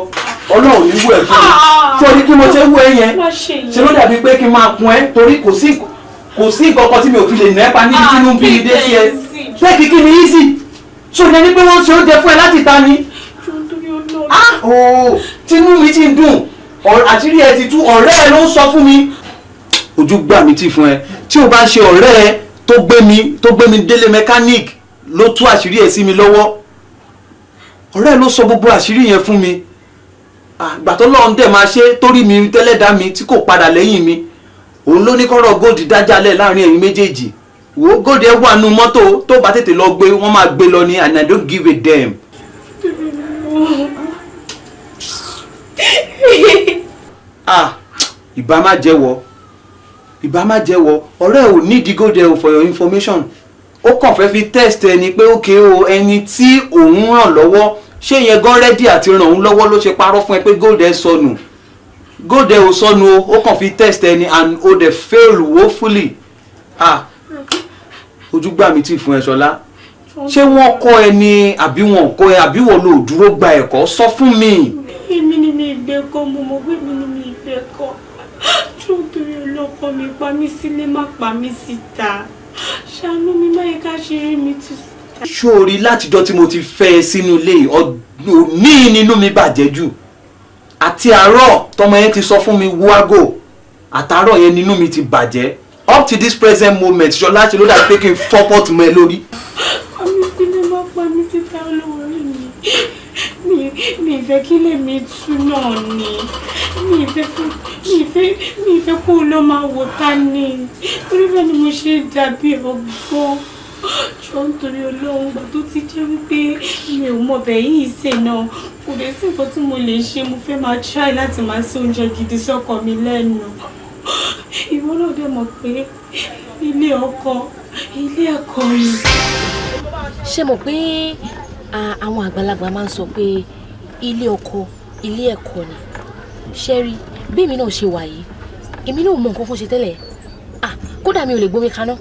Ọlọ́run ní wú ẹ fún mi. Torí kí mo ṣe wú ẹ yẹn. Ṣé ló dàbí pé kí n máa kun ẹ torí kò sí kò sí ìkọ̀kọ̀ tí mi ò fi lè nà ẹ́ pa níbi tí mo ń bí i dé sí ẹ. Bẹ́ẹ̀ ah, kìkì ni easy. Ṣòdẹ ni pé wọ́n ṣe oúnjẹ fún ẹ láti ta ni. Ah! Oh tinú mi ti dùn àti rí ẹ ti tú ọ̀rẹ́ ẹ ló ń sọ fún mi. ojú gbà mí ti fún ẹ tí o bá ṣe ọ̀rẹ́ ẹ tó gbé mi tó gbé mi délé mechanic ló tú àṣírí ẹ sí mi lọ́wọ́ ọ̀rẹ́ ẹ ló sọ gbogbo àṣírí yẹn fún mi àgbà tó lọ́run dẹ̀ máa ṣe torí mi tẹ́lẹ̀dá mi tí kò padà lẹ́yìn mi òun ló ní kọ́rọ̀ góòdì dájálẹ̀ láàrin ẹ̀yin méjèèjì wò ó ẹ wà nù mọ́tò tó bá tètè lọ gbé wọ́n máa gbé lọ ni and I don't give a damn ah ìbá má jẹ́wọ́ ìbá má jẹ́wọ́ ọ̀rẹ́ ò nídìí go there for your information ó kàn fẹ́ fi test ẹni pé ókè o ẹni tí òun ràn lọ́wọ́ ṣé yẹn gan rẹ́dí àti ràn òun lọ́wọ́ ló ṣe parọ́ fún ẹ pé gold ẹ sọnù gold ò sọnù o ó kàn fi test ẹni and o dẹ̀ fail woefully ah ojúgbà mi ti fún ẹ ṣọlá ṣé wọ́n kọ́ ẹni àbí wọ́n kọ́ ẹ àbí wọ́n lò dúró gba ẹ̀kọ́ sọ fún mi
èmi ni mi ìgbẹ́ kan mo mọ̀ pé èmi ni mi ìgbẹ́ kan tó torí ọlọ́kọ mi pa mí sílé pa mí síta ṣàánú mi má yẹ ká ṣe rí mi tú síta.
ṣòrí látijọ́ tí mo ti fẹ́ ẹ sínú ilé òní nínú mi bàjẹ́ jù àti àárọ̀ tọmọ yẹn ti sọ fún mi wágò àtàárọ̀ yẹn nínú mi ti bàjẹ́ up to this present moment ṣọlá ṣe ló dàbí pé kí n
fọ́ pọ́ọ̀tù mọ́ ẹ
pa mí sílé má mi
mi ìfẹ́ kí lèmi tú náà ni mi ìfẹ́ fún mi ìfẹ́ mi ìfẹ́ kó lọ máa wò ta ni torí bẹ́ẹ̀ ni mo ṣe dàbí ọgbọ́n jọ nítorí ọlọ́run gbà tó ti jẹ́ wípé mi ò mọ ọbẹ̀ yìí ṣe náà kò dé sí nǹkan tí mo lè ṣe mo fẹ́ máa try láti máa ṣe oúnjẹ gidi sọ́kọ mi lẹ́nu ìwọ náà dẹ̀ mọ̀ pé ilé ọkọ ilé ẹ̀kọ́ yìí. ṣé mo pé àwọn àgbàlagbà máa ń sọ pé ilé oko ilé ẹ̀kọ́ ni ṣẹ́rí bí èmi náà ṣe wà yìí èmi náà mọ nǹkan kan ṣe tẹ́lẹ̀ ah kódà mi ò lè gbómi kaná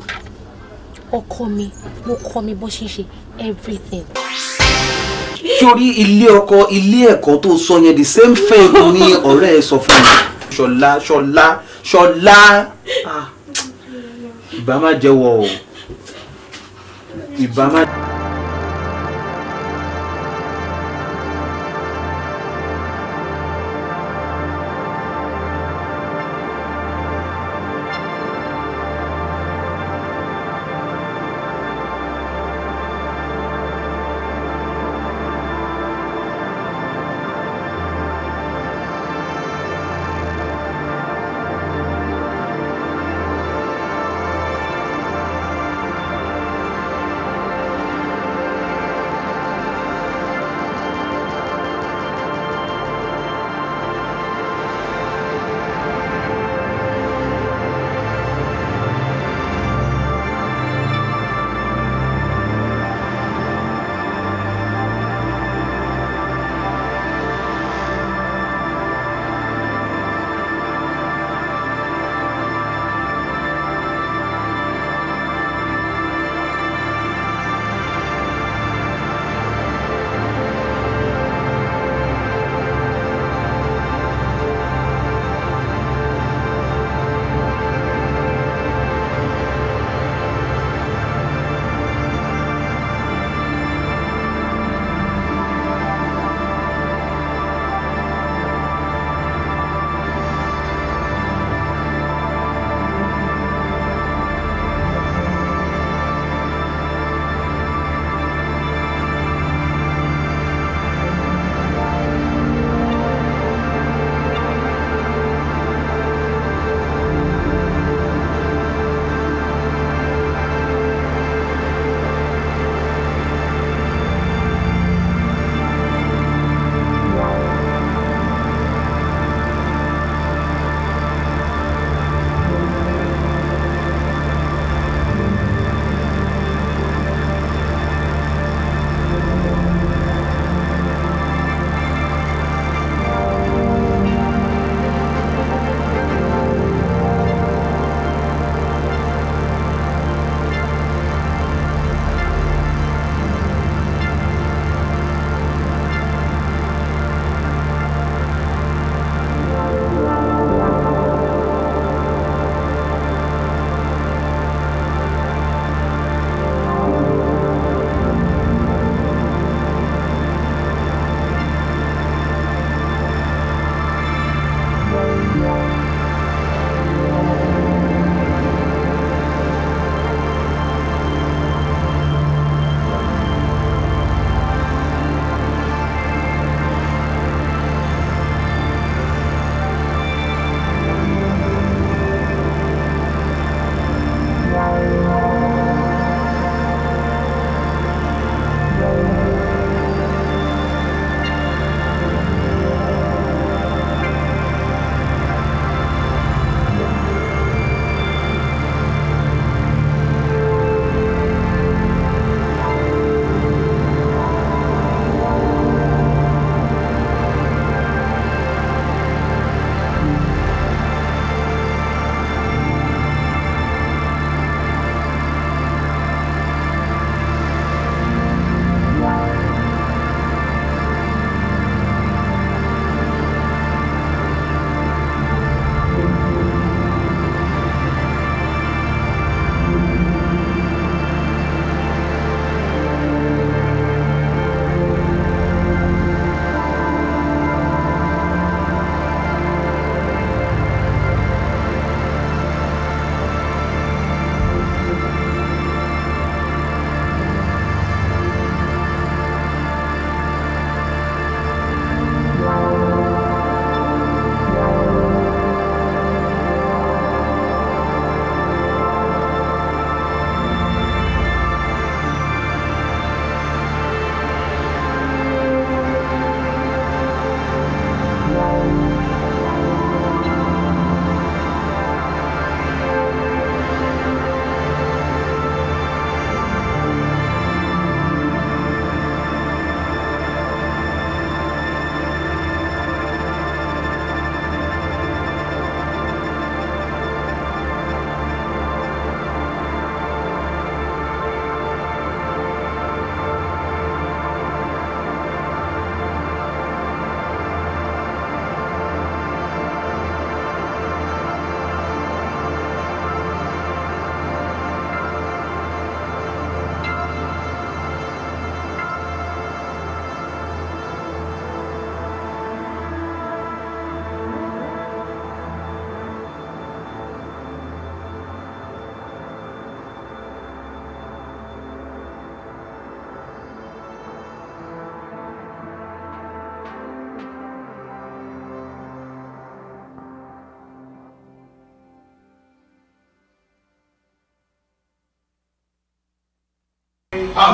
ọkọ mi ló kọ́ mi bó ṣe ń ṣe everything.
sórí ilé ọkọ ilé ẹ̀kọ́ tó sọ yẹn the same thing ni ọ̀rẹ́ ẹ sọ fún mi. ṣọlá ṣọlá ṣọlá ìbá má jẹ́wọ́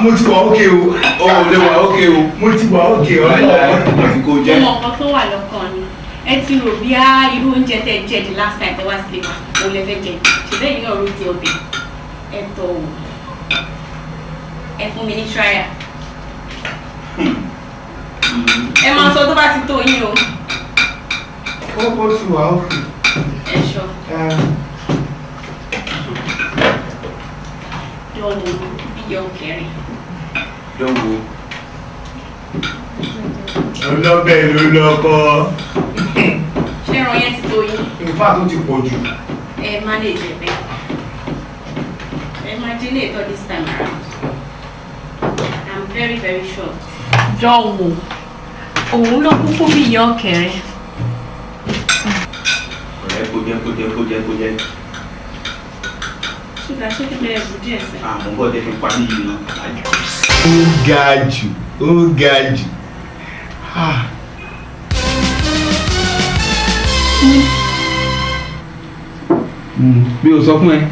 mo ti wà ókè o o ò lè wà ókè o mo ti wà ókè ọ̀rẹ́ àti kò jẹ́. ọmọ
ọkọ tó wà lọ́kàn ni ẹ ti rò bí á irú oúnjẹ tẹ jẹ the last time tẹ wá sílé wa mo lè fẹ́ jẹ ṣùgbọ́n èyí náà ló jẹ ọbẹ̀ ẹ tọ̀ o ẹ fún mi ní tíráyà ẹ máa sọ tó bá ti tó yín o.
ó ó ti wà ókè.
ẹ ṣọ. dọ́wọ́ bí yọ dánwò.
ọlọ́bẹ̀ ló lọ́kọ.
ṣé ìran yẹn ti tó yín.
ìfà tó ti pọ̀
jù. ẹ má lè jẹ bẹ́ẹ̀ this time around i'm very very sure. dánwò òun ló kúkú bí ìyá ọ̀kẹ́rẹ́.
ọ̀rẹ́ kó jẹ́ kó
jẹ́ kó jẹ́ kó jẹ́
ṣúgà ṣé kí bẹ́ẹ̀ bù díẹ̀ sẹ́yìn. àmọ́
bọ́ọ̀dẹ́ fi O gade, o gade.
Ah. Hum.
hum. Meu, só como é?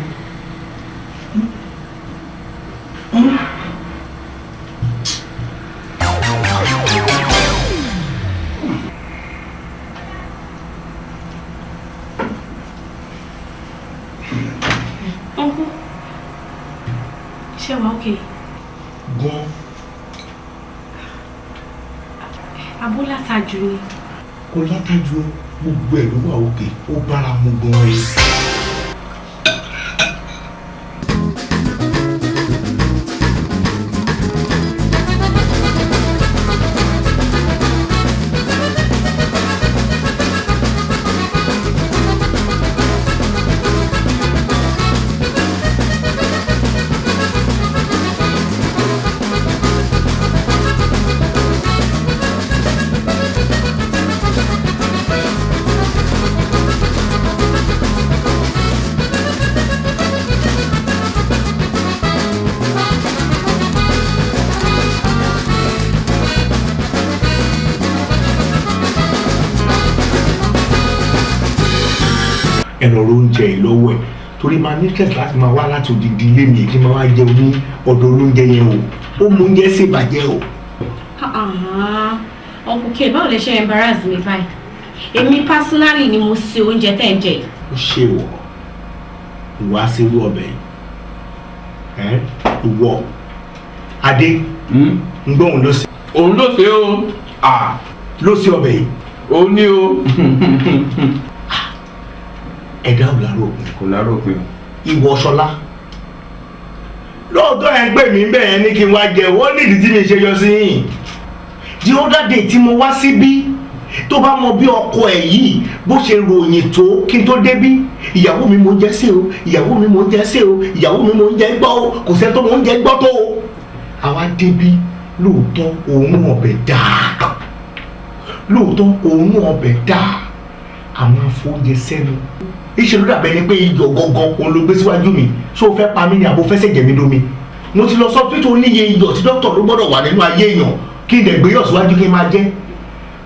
Hum.
Uncle, chamar látàjú ni.
kò látàjú gbogbo ẹ̀ ló wà òkè ó bára mu
gan-an
ẹ lọ oúnjẹ yìí lọ́wọ́ ẹ̀ torí máa ní tẹ̀sí láti máa wá láti òdìdí ilé mi kí máa wá jẹun ní ọ̀dọ̀ olóúnjẹ yẹn o ó mú oúnjẹ sì bàjẹ́ o.
ọkùnkè báwo lè ṣe embarrass mi báyìí èmi personally ni mo ṣe oúnjẹ tẹ́ ẹ jẹ yìí.
ó ṣe wọ ìwà sírú ọbẹ̀ yìí ìwọ adé hmm? ń gbọ́ òun ló ṣe. òun ló ṣe o. ló ṣe ọbẹ̀ yìí. òun ni o. ẹ̀dá ò lárò pé. kò lárò pé o. ìwọ ṣọlá lóòótọ́ ẹ gbé mi bẹ́ẹ̀ yẹn ní kí n wá jẹ wọ́n nídìí tí mi ṣe yọ sí yìí the other day tí mo wá síbí tó bá mọ bí ọkọ ẹ yìí bó ṣe ròyìn tó kí n tó débí ìyàwó mi mò ń jẹ sí o ìyàwó mi mò ń jẹ sí o ìyàwó mi mò ń jẹ gbọ́ o kò sẹ́ni tó mò ń jẹ gbọ́ tó o àwa débí lóòótọ́ òun ọbẹ̀ dáa lóòótọ́ òun ọbẹ̀ dáa àwọn afọ́njẹ sẹ́nu ìṣèlú dàbẹ́ ni pé iyọ̀ gangan òun ló gbé síwájú mi ṣó o fẹ́ pa mí ni àbò fẹ́ sẹ̀jẹ̀ mi domi mo ti lọ sọ pé tó níye iyọ̀ tí dókítà ló gbọ́dọ̀ wà nínú ayé èèyàn kí n dẹ̀ gbé yọ̀ síwájú kí n máa jẹ́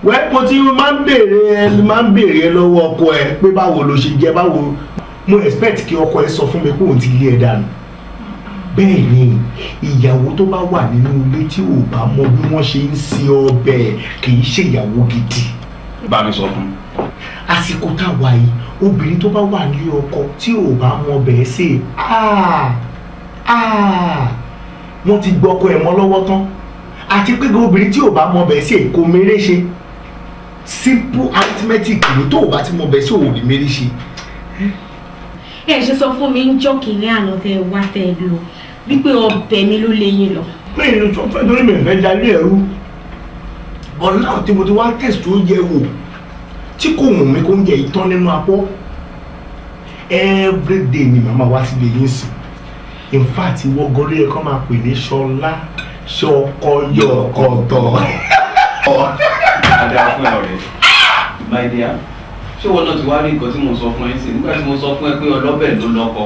wẹ́ mo ti máa ń béèrè ẹ máa ń béèrè ẹ lọ́wọ́ ọkọ ẹ pé báwo ló ṣe jẹ́ báwo mo expect kí ọkọ ẹ sọ fún mi pé òun ti lé ẹ dànù bẹ́ẹ̀ ni ìyàwó tó bá wà nínú ilé tí ò bá mọ bí wọ́n ṣe ń se ọbẹ̀ kì í ṣèyàwó gidi.
bá mi sọ fún un
àsìkò tá a wà yìí obìnrin tó bá wà nílé ọkọ tí ò bá mọ bẹ́ẹ̀ ṣe ah, ah. wọ́n ti gbọ́kọ ẹ̀ mọ́ lọ́wọ́ tán àti pé obìnrin tí ò bá mọ bẹ́ẹ̀ ṣe kò méré ṣe simple arithmetic ni tó o bá ti mọ bẹ́ẹ̀ ṣe ò lè méré ṣe.
ẹ ṣe sọ fún mi ń jọ kìnní àná tẹ wá tẹ ẹ lò wípé ọbẹ̀ mi ló lè yín lọ.
lẹ́yìn tó fẹ́ lórí mi fẹ́ dalé ẹ̀rú ọ̀nà àti mo ti wá tẹ̀sí tó yẹ wò tí kò wù mí kó ń jẹ ìtàn nínú apọ́ everyday ni màmá wá sílé yín sìn in fact ìwọ gọlé yẹ kó máa pè ní ṣọlá ṣọkọyọkọtọ.
adá fún ẹ ọ̀rẹ́ my dear ṣé wọn náà ti wá rí nǹkan tí mo sọ fún ẹ sí nígbà tí mo sọ fún ẹ pé ọlọ́bẹ̀ ló lọ́kọ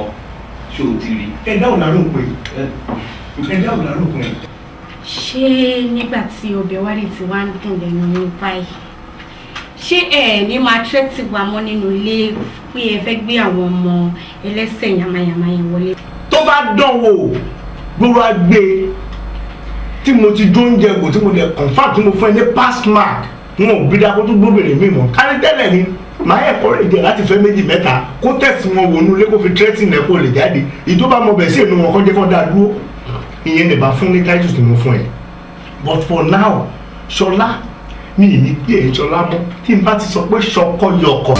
ṣé o ti rí. ẹ dáhùn láròó pé ẹ
dáhùn láròó pé.
ṣé nígbà tí obìnrin wá rí tiwa ń dùn lẹ́nu ní báyìí ṣé ẹ ní máa tẹ́tì wa mọ́ nínú ilé pé ẹ fẹ́ gbé àwọn ọmọ ẹlẹ́sẹ̀ yàmàyàmà yẹn wọlé. tó bá dánwò gbogbo
àgbè tí mo ti dóúnjẹ kò tí mo lè confam tí mo fún ẹ ní pass mark wọn ò bí dáko tó gbóbìnrin mi mọ kárí tẹ́lẹ̀ ni màá ẹ̀kọ́ rẹ̀ jẹ́ láti fẹ́ méjì mẹ́ta kó tẹ̀sí wọn wọnú ilé kó fi tírẹ́tì nẹ̀ kó lè jáde ìjọba mọ bẹ̀ sí èmi wọn kọjá kan dáa dúró ìyẹn lè bá fún ní táìtù tí mo fún ẹ but for now ṣọlá mi ì ní pé èjọ lábọ́ tí n bá ti sọ pé ṣọkọ yọkọ.